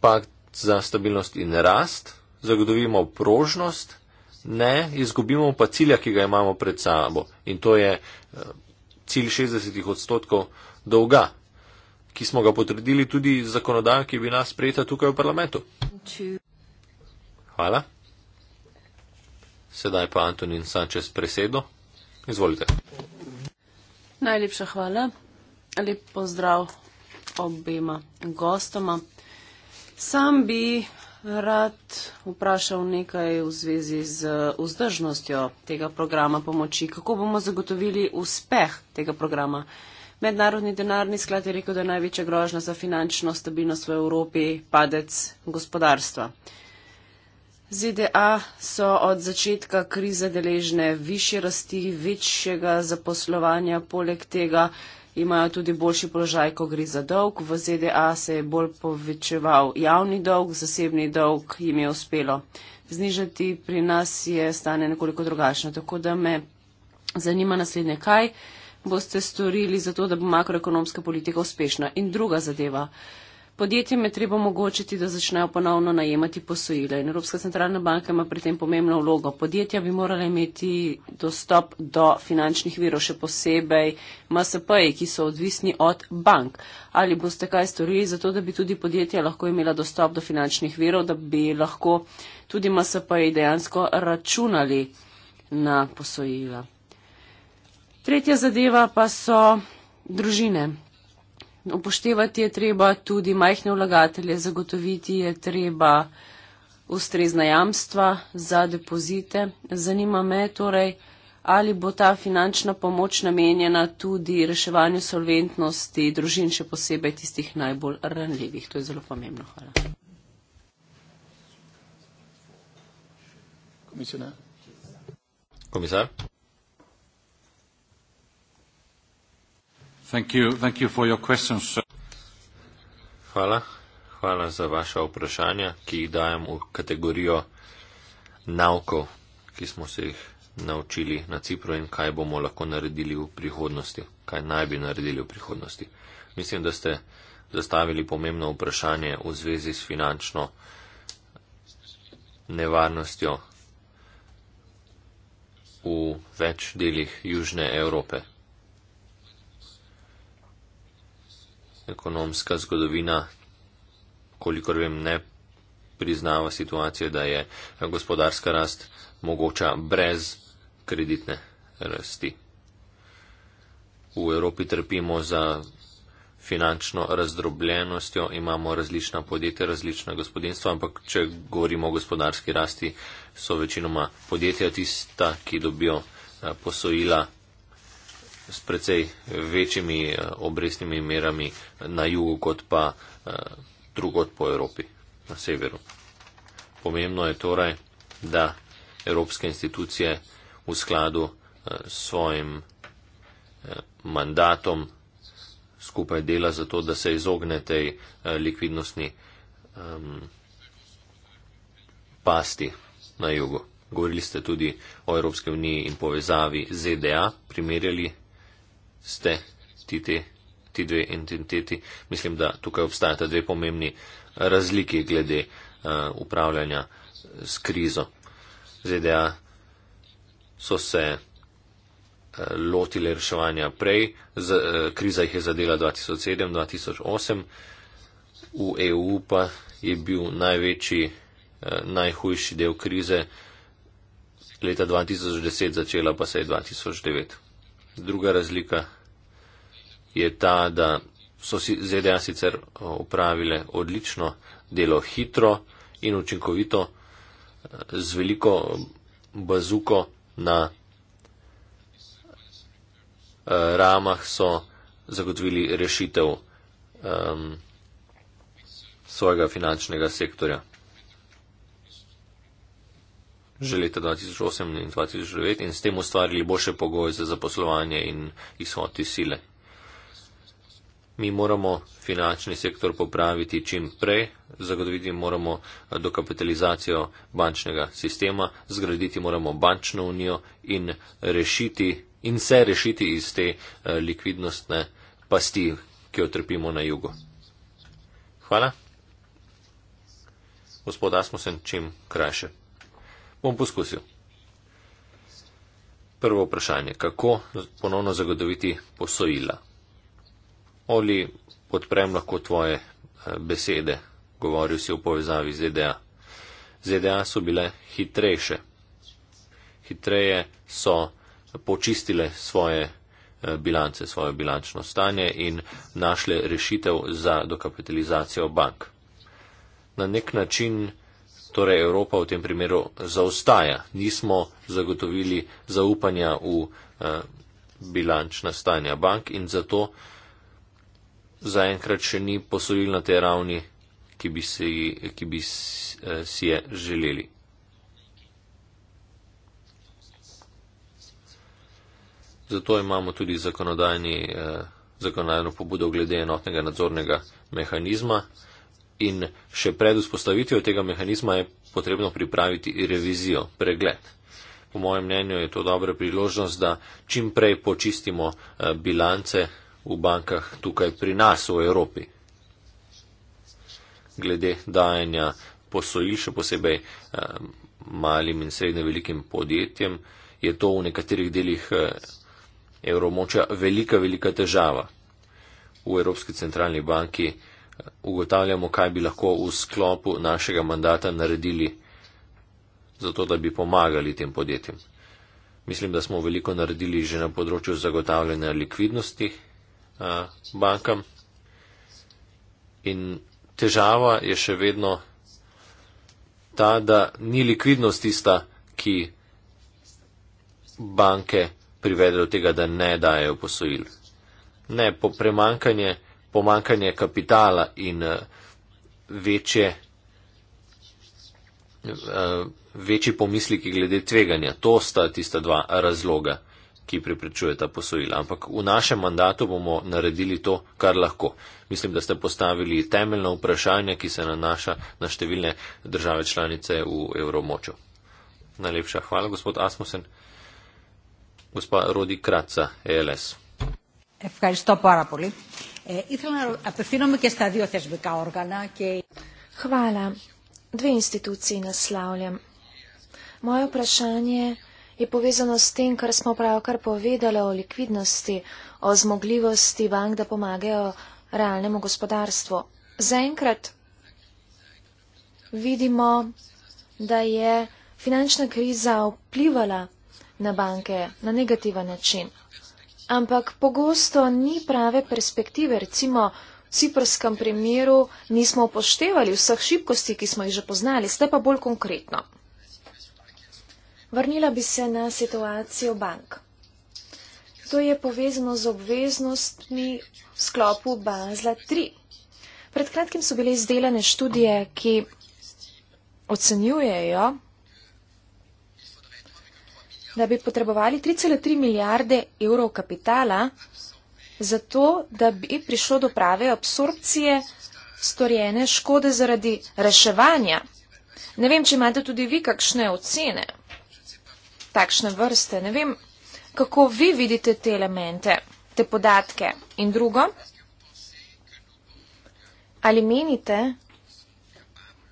pakt za stabilnost in rast, zagotovimo prožnost ne, izgubimo pa cilja, ki ga imamo pred sabo. In to je eh, cilj 60 odstotkov dolga, ki smo ga potrdili tudi z zakonodajo, ki bi nas sprejeta tukaj v parlamentu. Hvala. Sedaj pa Antonin Sančes presedo. Izvolite. Najlepša hvala. Lep pozdrav obema gostoma. Sam bi rad vprašal nekaj v zvezi z vzdržnostjo tega programa pomoči. Kako bomo zagotovili uspeh tega programa? Mednarodni denarni sklad je rekel, da je največja grožnja za finančno stabilnost v Evropi padec gospodarstva. ZDA so od začetka krize deležne više rasti, večjega zaposlovanja, poleg tega imajo tudi boljši položaj, ko gre za dolg. V ZDA se je bolj povečeval javni dolg, zasebni dolg jim je uspelo znižati, pri nas je stane nekoliko drugačno. Tako da me zanima naslednje, kaj boste storili za to, da bo makroekonomska politika uspešna. In druga zadeva. Uh, Podjetjem je treba omogočiti, da začnejo ponovno najemati posojila in Evropska centralna banka ima pri tem pomembno vlogo. Podjetja bi morala imeti dostop do finančnih virov, še posebej MSP-ji, ki so odvisni od bank. Ali boste kaj storili za to, da bi tudi podjetja lahko imela dostop do finančnih virov, da bi lahko tudi MSP-ji dejansko računali na posojila? Tretja zadeva pa so družine. Upoštevati je treba tudi majhne vlagatelje, zagotoviti je treba ustrezna jamstva za depozite. Zanima me torej, ali bo ta finančna pomoč namenjena tudi reševanju solventnosti družin, še posebej tistih najbolj ranljivih. To je zelo pomembno. Hvala. Komisar. Hvala. Hvala za vaša vprašanja, ki jih dajem v kategorijo naukov, ki smo se jih naučili na Cipru in kaj bomo lahko naredili v prihodnosti, kaj naj bi naredili v prihodnosti. Mislim, da ste zastavili pomembno vprašanje v zvezi s finančno nevarnostjo v več delih Južne Evrope. ekonomska zgodovina, kolikor vem, ne priznava situacijo, da je gospodarska rast mogoča brez kreditne rasti. V Evropi trpimo za finančno razdrobljenostjo, imamo različna podjetja, različna gospodinstva, ampak če govorimo o gospodarski rasti, so večinoma podjetja tista, ki dobijo eh, posojila s precej večjimi eh, obrestnimi merami na jugu, kot pa eh, drugot po Evropi, na severu. Pomembno je torej, da evropske institucije v skladu eh, s svojim mandatom skupaj dela za to, da se izogne tej likvidnostni um, pasti na jugu. Govorili ste tudi o Evropske uniji in povezavi ZDA, primerjali ste ti, te, ti dve entiteti. Mislim, da tukaj obstajata dve pomembni razliki glede uh, upravljanja s krizo. ZDA so se eh, lotile reševanja prej, Z, eh, kriza jih je zadela 2007-2008, v EU pa je bil največji, najhujši del krize leta 2010, začela pa se je 2009. Druga razlika je ta, da so si ZDA sicer upravile eh, odlično delo hitro in učinkovito eh, z veliko bazuko na eh, ramah so zagotovili rešitev um, svojega finančnega sektorja že leta 2008 in 2009 in s tem ustvarili boljše pogoje za zaposlovanje in izhod iz sile. Mi moramo finančni sektor popraviti čim prej, zagotoviti moramo dokapitalizacijo bančnega sistema, zgraditi moramo bančno unijo in rešiti in se rešiti iz te eh, likvidnostne pasti, ki jo trpimo na jugu. Hvala. Gospod Asmusen, čim krajše. Bom poskusil. Prvo vprašanje. Kako ponovno zagotoviti posojila? Oli, podprem lahko tvoje eh, besede, govoril si v povezavi z ZDA. ZDA so bile hitrejše. Hitreje so počistile svoje eh, bilance, svoje bilančno stanje in našle rešitev za dokapitalizacijo bank. Na nek način torej Evropa v tem primeru zaostaja. Nismo zagotovili zaupanja v eh, bilančna stanja bank in zato zaenkrat še ni posojil na tej ravni, ki bi si, ki bi eh, si je želeli. Zato imamo tudi eh, zakonodajno pobudo glede enotnega nadzornega mehanizma in še pred vzpostavitvijo tega mehanizma je potrebno pripraviti revizijo, pregled. Po mojem mnenju je to dobra priložnost, da čim prej počistimo eh, bilance v bankah tukaj pri nas v Evropi. Glede dajanja posojil, še posebej eh, malim in srednje velikim podjetjem, je to v nekaterih delih eh, evromoča velika, velika težava. V Evropski centralni banki ugotavljamo, kaj bi lahko v sklopu našega mandata naredili, zato da bi pomagali tem podjetjem. Mislim, da smo veliko naredili že na področju zagotavljanja likvidnosti a, bankam. In težava je še vedno ta, da ni likvidnost tista, ki banke privede do tega, da ne dajo posojil. Ne, po premankanje pomankanje kapitala in eh, večje, eh, večji pomisliki glede tveganja. To sta tista dva razloga, ki preprečujeta posojila. Ampak v našem mandatu bomo naredili to, kar lahko. Mislim, da ste postavili temeljno vprašanje, ki se nanaša na številne države članice v evromočju. Najlepša hvala, gospod Asmusen. Gospa Rodi Kratca, ELS. Fkaj, ήθελα να απευθύνομαι και στα δύο θεσμικά όργανα. Και... Χβάλα. Δύο ινστιτούτσι είναι σλάουλια. Μόιο πρασάνιε je povezano s tem, kar smo pravkar povedali o likvidnosti, o zmogljivosti bank, da pomagajo realnemu gospodarstvu. Zaenkrat vidimo, da je finančna kriza vplivala na banke na negativen način ampak pogosto ni prave perspektive. Recimo v ciprskem primeru nismo upoštevali vseh šibkosti, ki smo jih že poznali, ste pa bolj konkretno. Vrnila bi se na situacijo bank. To je povezano z obveznostmi v sklopu Bazla 3. Pred kratkim so bile izdelane študije, ki ocenjujejo, da bi potrebovali 3,3 milijarde evrov kapitala, zato da bi prišlo do prave absorpcije storjene škode zaradi reševanja. Ne vem, če imate tudi vi kakšne ocene, takšne vrste. Ne vem, kako vi vidite te elemente, te podatke. In drugo, ali menite,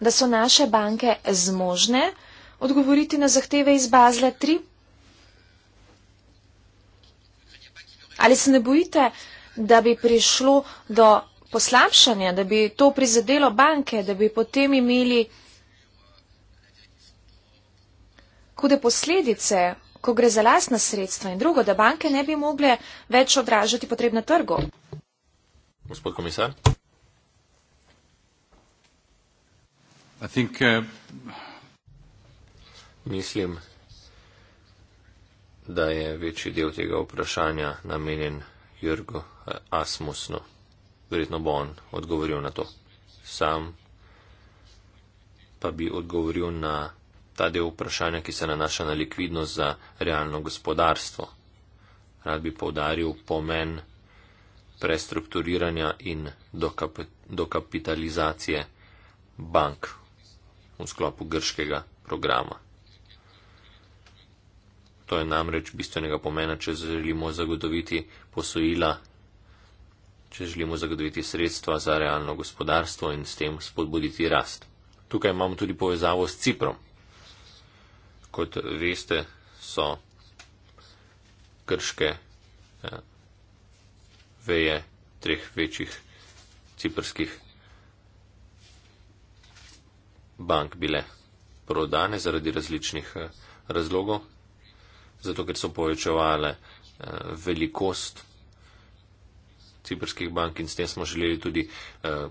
da so naše banke zmožne odgovoriti na zahteve iz Bazla 3? Ali se ne bojite, da bi prišlo do poslabšanja, da bi to prizadelo banke, da bi potem imeli hude posledice, ko gre za lasna sredstva in drugo, da banke ne bi mogle več odražati potreb na trgu? Gospod komisar. Think, uh, Mislim, da je večji del tega vprašanja namenjen Jurgu eh, Asmusnu. Verjetno bo on odgovoril na to. Sam pa bi odgovoril na ta del vprašanja, ki se nanaša na likvidnost za realno gospodarstvo. Rad bi povdaril pomen prestrukturiranja in dokapitalizacije bank v sklopu grškega programa. To je namreč bistvenega pomena, če želimo zagotoviti posojila, če želimo zagotoviti sredstva za realno gospodarstvo in s tem spodbuditi rast. Tukaj imamo tudi povezavo s Ciprom. Kot veste, so krške eh, veje treh večjih ciprskih bank bile prodane zaradi različnih eh, razlogov zato ker so povečevale uh, velikost ciprskih bank in s tem smo želeli tudi uh,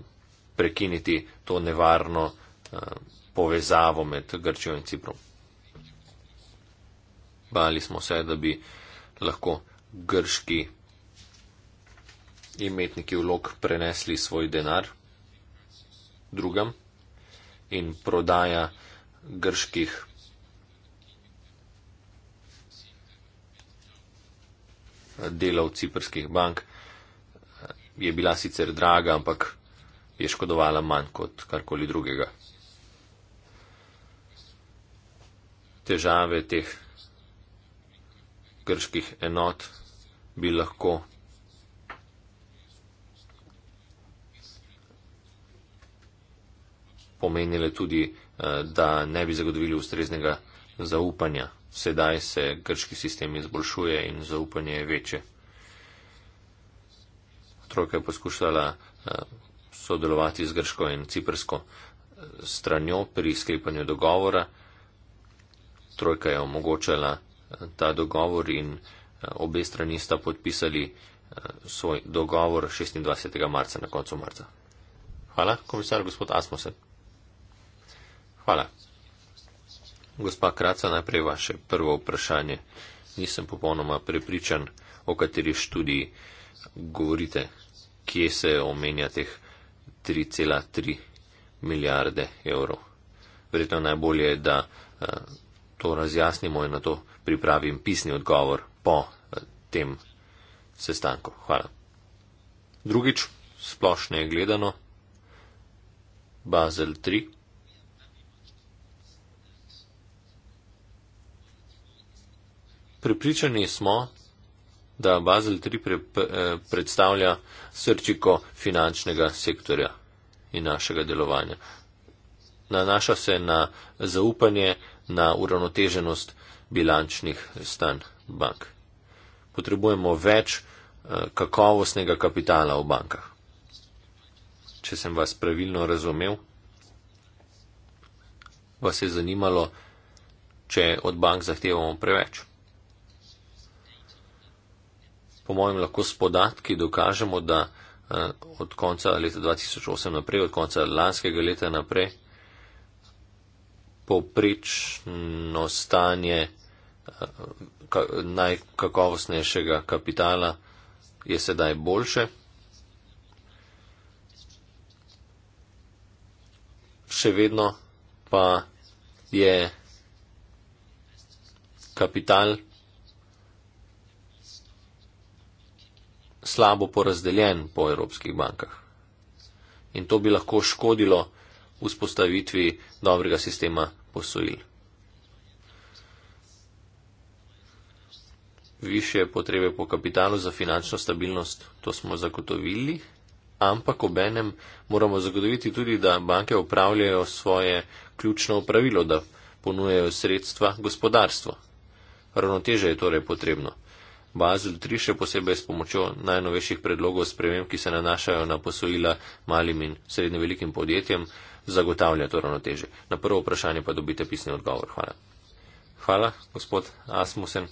prekiniti to nevarno uh, povezavo med Grčijo in Ciprom. Bali smo se, da bi lahko grški imetniki vlog prenesli svoj denar drugam in prodaja grških delov ciprskih bank je bila sicer draga, ampak je škodovala manj kot karkoli drugega. Težave teh grških enot bi lahko pomenile tudi, eh, da ne bi zagotovili ustreznega zaupanja sedaj se grški sistem izboljšuje in zaupanje je večje. Trojka je poskušala eh, sodelovati z grško in ciprsko eh, stranjo pri sklepanju dogovora. Trojka je omogočala eh, ta dogovor in obe strani sta podpisali svoj dogovor 26. marca na koncu marca. Hvala, komisar gospod Asmusen. Hvala. Gospa Kraca, najprej vaše prvo vprašanje. Nisem popolnoma prepričan, o kateri študiji govorite, kje se omenja teh 3,3 milijarde evrov. Verjetno najbolje je, da eh, to razjasnimo in na to pripravim pisni odgovor po eh, tem sestanku. Hvala. Drugič, splošne gledano, Bazel 3. Pripričani smo, da Basel III pre, pre, eh, predstavlja srčiko finančnega sektorja in našega delovanja. Nanaša se na zaupanje, na uravnoteženost bilančnih stanj bank. Potrebujemo več eh, kakovostnega kapitala v bankah. Če sem vas pravilno razumel, vas je zanimalo, če od bank zahtevamo preveč po mojem, lahko s podatki dokažemo, da eh, od konca leta 2008 naprej, od konca lanskega leta naprej, poprečno stanje eh, najkakovostnejšega kapitala je sedaj boljše. Še vedno pa je kapital slabo porazdeljen po evropskih bankah. In to bi lahko škodilo vzpostavitvi dobrega sistema posojil. Više potrebe po kapitalu za finančno stabilnost, to smo zagotovili, ampak obenem moramo zagotoviti tudi, da banke upravljajo svoje ključno pravilo, da ponujejo sredstva gospodarstvo. Ravnoteže je torej potrebno. Bazel 3 še posebej s pomočjo najnovejših predlogov sprememb, ki se nanašajo na posojila malim in srednje velikim podjetjem, zagotavlja to ravnoteže. Na prvo vprašanje pa dobite pisni odgovor. Hvala. Hvala, gospod Asmusen.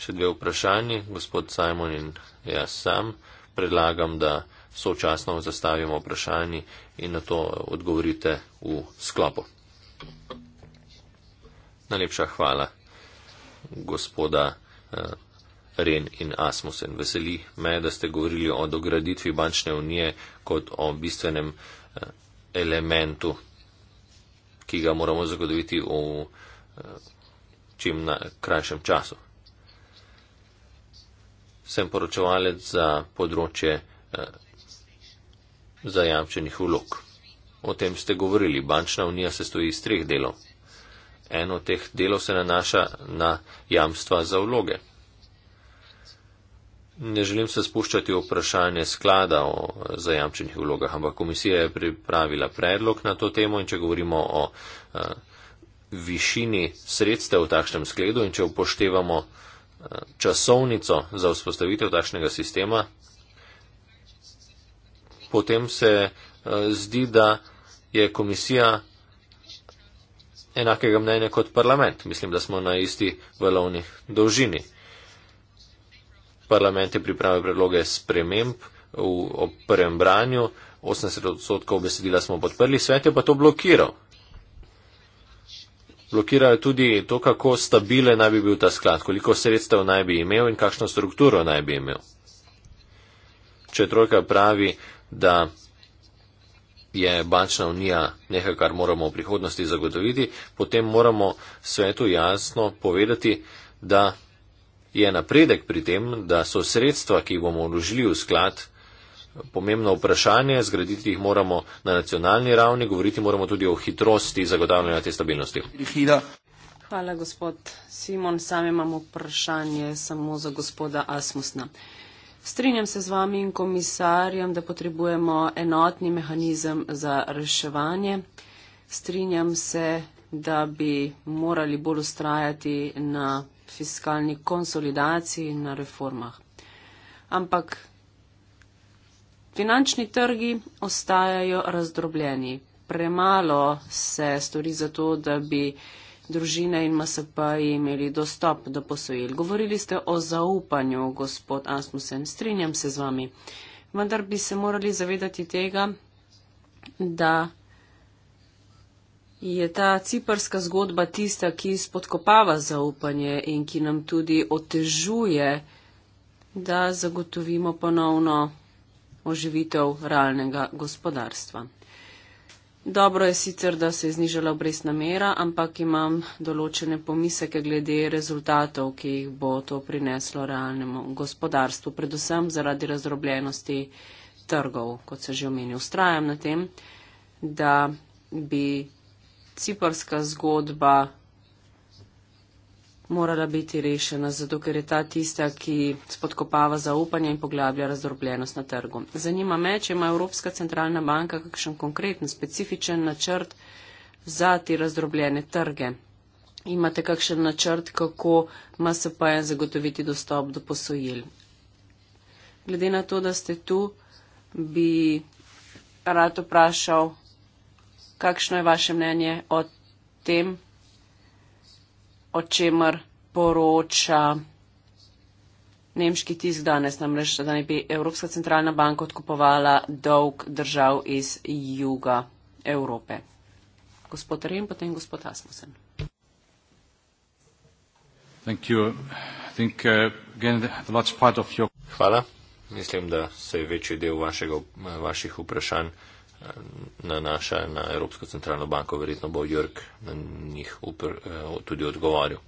Še dve vprašanje, gospod Simon in jaz sam. Predlagam, da sočasno zastavimo vprašanje in na to odgovorite v sklopu. Najlepša hvala, gospoda. Eh, Ren in Asmusen. Veseli me, da ste govorili o dograditvi bančne unije kot o bistvenem eh, elementu, ki ga moramo zagotoviti v eh, čim na krajšem času. Sem poročevalec za področje zajamčenih vlog. O tem ste govorili. Bančna unija se stoji iz treh delov. Eno od teh delov se nanaša na jamstva za vloge. Ne želim se spuščati v vprašanje sklada o zajamčenih vlogah, ampak komisija je pripravila predlog na to temo in če govorimo o a, eh, višini sredstev v takšnem skledu in če upoštevamo a, eh, časovnico za vzpostavitev takšnega sistema, potem se a, eh, zdi, da je komisija enakega mnenja kot parlament. Mislim, da smo na isti valovni dolžini. Parlament je pripravil predloge sprememb v prvem branju, 80 odstotkov besedila smo podprli, svet je pa to blokiral. Blokirajo tudi to, kako stabilen naj bi bil ta sklad, koliko sredstev naj bi imel in kakšno strukturo naj bi imel. Če trojka pravi, da je bančna unija nekaj, kar moramo v prihodnosti zagotoviti, potem moramo svetu jasno povedati, da je napredek pri tem, da so sredstva, ki jih bomo vložili v sklad, pomembno vprašanje, zgraditi jih moramo na nacionalni ravni, govoriti moramo tudi o hitrosti zagotavljanja te stabilnosti. Hvala, gospod Simon. Sam imam vprašanje samo za gospoda Asmusna. Strinjam se z vami in komisarjem, da potrebujemo enotni mehanizem za reševanje. Strinjam se, da bi morali bolj ustrajati na fiskalni konsolidaciji in na reformah. Ampak finančni trgi ostajajo razdrobljeni. Premalo se stori za to, da bi družine in MSP imeli dostop do posojil. Govorili ste o zaupanju, gospod Asmusen, strinjam se z vami. Vendar bi se morali zavedati tega, da je ta ciparska zgodba tista, ki spodkopava zaupanje in ki nam tudi otežuje, da zagotovimo ponovno oživitev realnega gospodarstva. Dobro je sicer, da se je znižala obrestna mera, ampak imam določene pomiseke glede rezultatov, ki jih bo to prineslo realnemu gospodarstvu, predvsem zaradi razdrobljenosti trgov, kot se že omenil. Ustrajam na tem, da bi ciparska zgodba morala biti rešena, zato ker je ta tista, ki spodkopava zaupanje in poglablja razdrobljenost na trgu. Zanima me, če ima Evropska centralna banka kakšen konkreten, specifičen načrt za te razdrobljene trge. Imate kakšen načrt, kako MSP je zagotoviti dostop do posojil? Glede na to, da ste tu, bi rad vprašal, kakšno je vaše mnenje o tem, o čemer poroča nemški tisk danes, namreč da naj bi Evropska centralna banka odkupovala dolg držav iz juga Evrope. Gospod Rim, potem gospod Asmussen. Uh, Hvala. Mislim, da se je večji del vašega, vaših vprašanj nanaša na Evropsko centralno banko, verjetno bo Jörg na njih upr, eh, tudi odgovoril.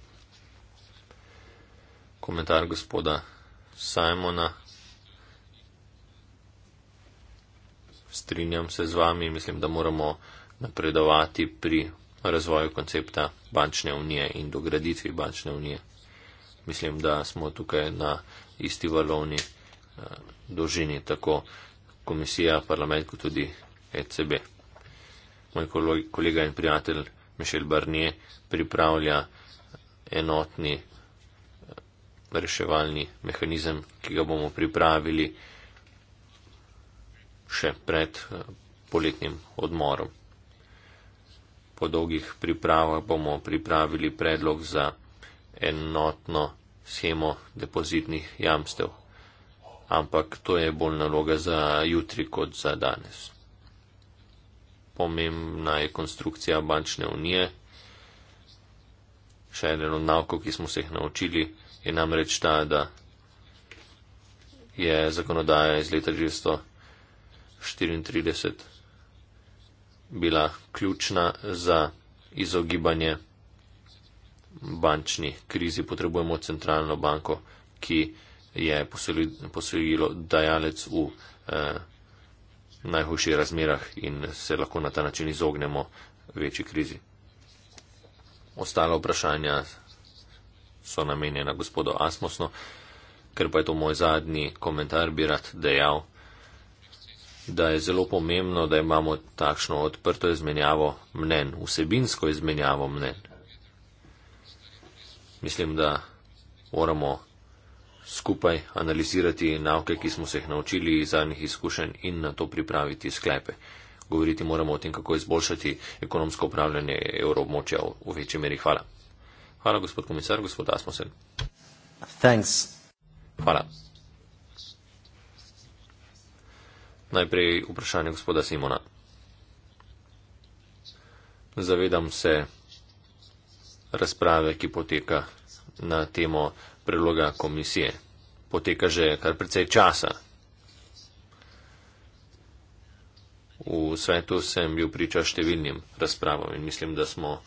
Komentar gospoda Simona. Strinjam se z vami, mislim, da moramo napredovati pri razvoju koncepta bančne unije in dograditvi bančne unije. Mislim, da smo tukaj na isti valovni eh, dolžini, tako komisija, parlament, kot tudi ECB. Moj kolega in prijatelj Mišel Barnier pripravlja enotni eh, reševalni mehanizem, ki ga bomo pripravili še pred eh, poletnim odmorom. Po dolgih pripravah bomo pripravili predlog za enotno schemo depozitnih jamstev, ampak to je bolj naloga za jutri kot za danes pomembna je konstrukcija bančne unije. Še eno nauko, ki smo se jih naučili, je namreč ta, da je zakonodaja iz leta 1934 bila ključna za izogibanje bančni krizi. Potrebujemo centralno banko, ki je posojilo dajalec v eh, najhujših razmerah in se lahko na ta način izognemo večji krizi. Ostala vprašanja so namenjena gospodu Asmosno, ker pa je to moj zadnji komentar, bi rad dejal, da je zelo pomembno, da imamo takšno odprto izmenjavo mnen, vsebinsko izmenjavo mnen. Mislim, da moramo skupaj analizirati navke, ki smo se jih naučili iz zadnjih izkušenj in na to pripraviti sklepe. Govoriti moramo o tem, kako izboljšati ekonomsko upravljanje evroobmočja v, v večji meri. Hvala. Hvala, gospod komisar, gospod Asmusen. Thanks. Hvala. Najprej vprašanje gospoda Simona. Zavedam se razprave, ki poteka na temo predloga komisije. Poteka že kar precej časa. V svetu sem bil priča številnim razpravam in mislim, da smo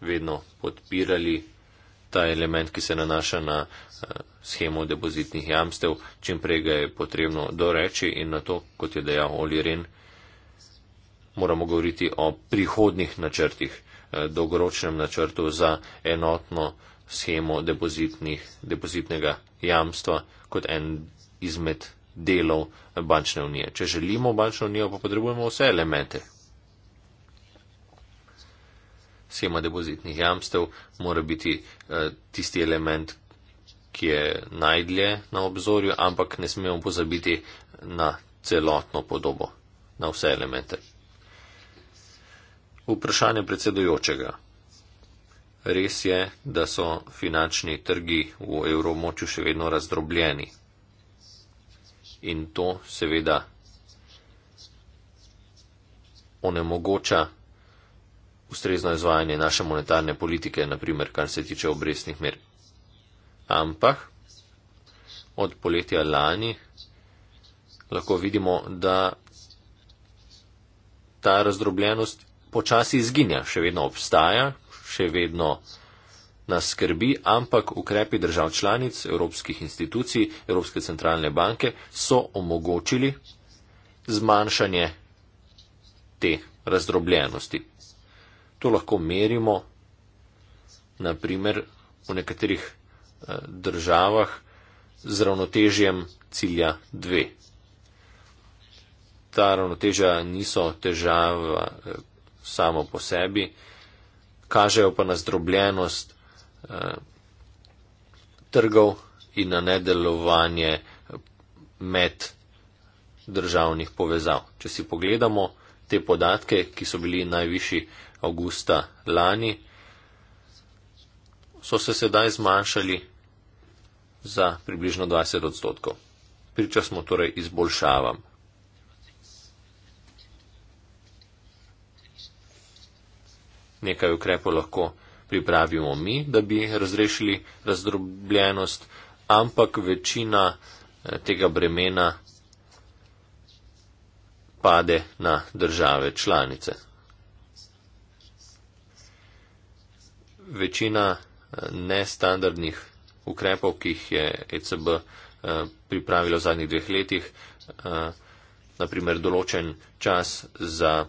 vedno podpirali ta element, ki se nanaša na eh, schemo depozitnih jamstev, čim prej ga je potrebno doreči in na to, kot je dejal Oli Ren, moramo govoriti o prihodnih načrtih, eh, dolgoročnem načrtu za enotno schemo depozitnega jamstva kot en izmed delov bančne unije. Če želimo bančno unijo, pa potrebujemo vse elemente. Schema depozitnih jamstev mora biti eh, tisti element, ki je najdlje na obzorju, ampak ne smemo pozabiti na celotno podobo, na vse elemente. Vprašanje predsedujočega. Res je, da so finančni trgi v evromočju še vedno razdrobljeni. In to seveda onemogoča ustrezno izvajanje naše monetarne politike, naprimer, kar se tiče obresnih mer. Ampak od poletja lani lahko vidimo, da ta razdrobljenost počasi izginja, še vedno obstaja, še vedno nas skrbi, ampak ukrepi držav članic, evropskih institucij, Evropske centralne banke so omogočili zmanjšanje te razdrobljenosti. To lahko merimo, naprimer, v nekaterih eh, državah z ravnotežjem cilja 2. Ta ravnotežja niso težava eh, samo po sebi, kažejo pa na zdrobljenost eh, trgov in na nedelovanje med državnih povezav. Če si pogledamo te podatke, ki so bili najvišji avgusta lani, so se sedaj zmanjšali za približno 20 odstotkov. Priča smo torej izboljšavam. nekaj ukrepov lahko pripravimo mi, da bi razrešili razdrobljenost, ampak večina eh, tega bremena pade na države članice. Večina eh, nestandardnih ukrepov, ki jih je ECB eh, pripravila v zadnjih dveh letih, naprimer določen čas za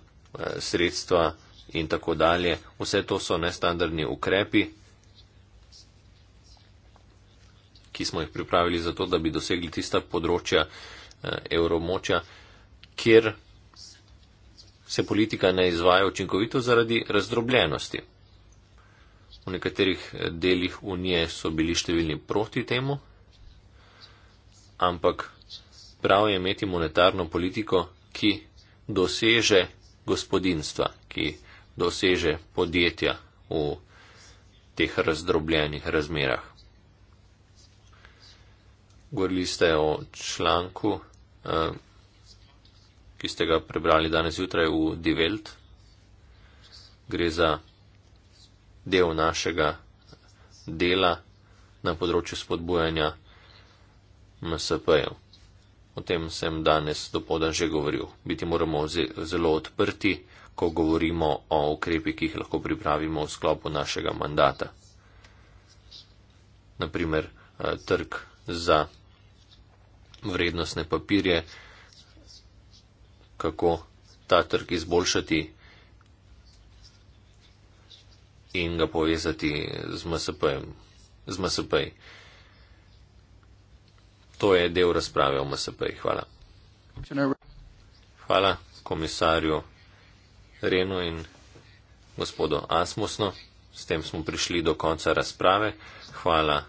sredstva, in tako dalje. Vse to so nestandardni ukrepi, ki smo jih pripravili zato, da bi dosegli tista področja eh, evromoča, kjer se politika ne izvaja učinkovito zaradi razdrobljenosti. V nekaterih eh, delih unije so bili številni proti temu, ampak prav je imeti monetarno politiko, ki doseže gospodinstva, ki doseže podjetja v teh razdrobljenih razmerah. Govorili ste o članku, eh, ki ste ga prebrali danes jutraj v Divelt. Gre za del našega dela na področju spodbujanja MSP-jev. O tem sem danes dopodan že govoril. Biti moramo zelo odprti ko govorimo o ukrepih, ki jih lahko pripravimo v sklopu našega mandata. Naprimer, eh, trg za vrednostne papirje, kako ta trg izboljšati in ga povezati z MSP. -jem. To je del razprave o MSP. -jih. Hvala. Hvala komisarju. Reno in gospodu Asmusno. S tem smo prišli do konca razprave. Hvala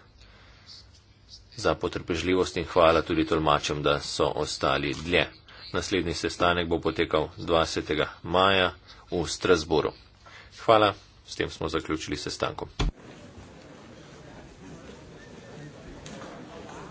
za potrpežljivost in hvala tudi tolmačem, da so ostali dlje. Naslednji sestanek bo potekal 20. maja v Strasboru. Hvala, s tem smo zaključili sestankom.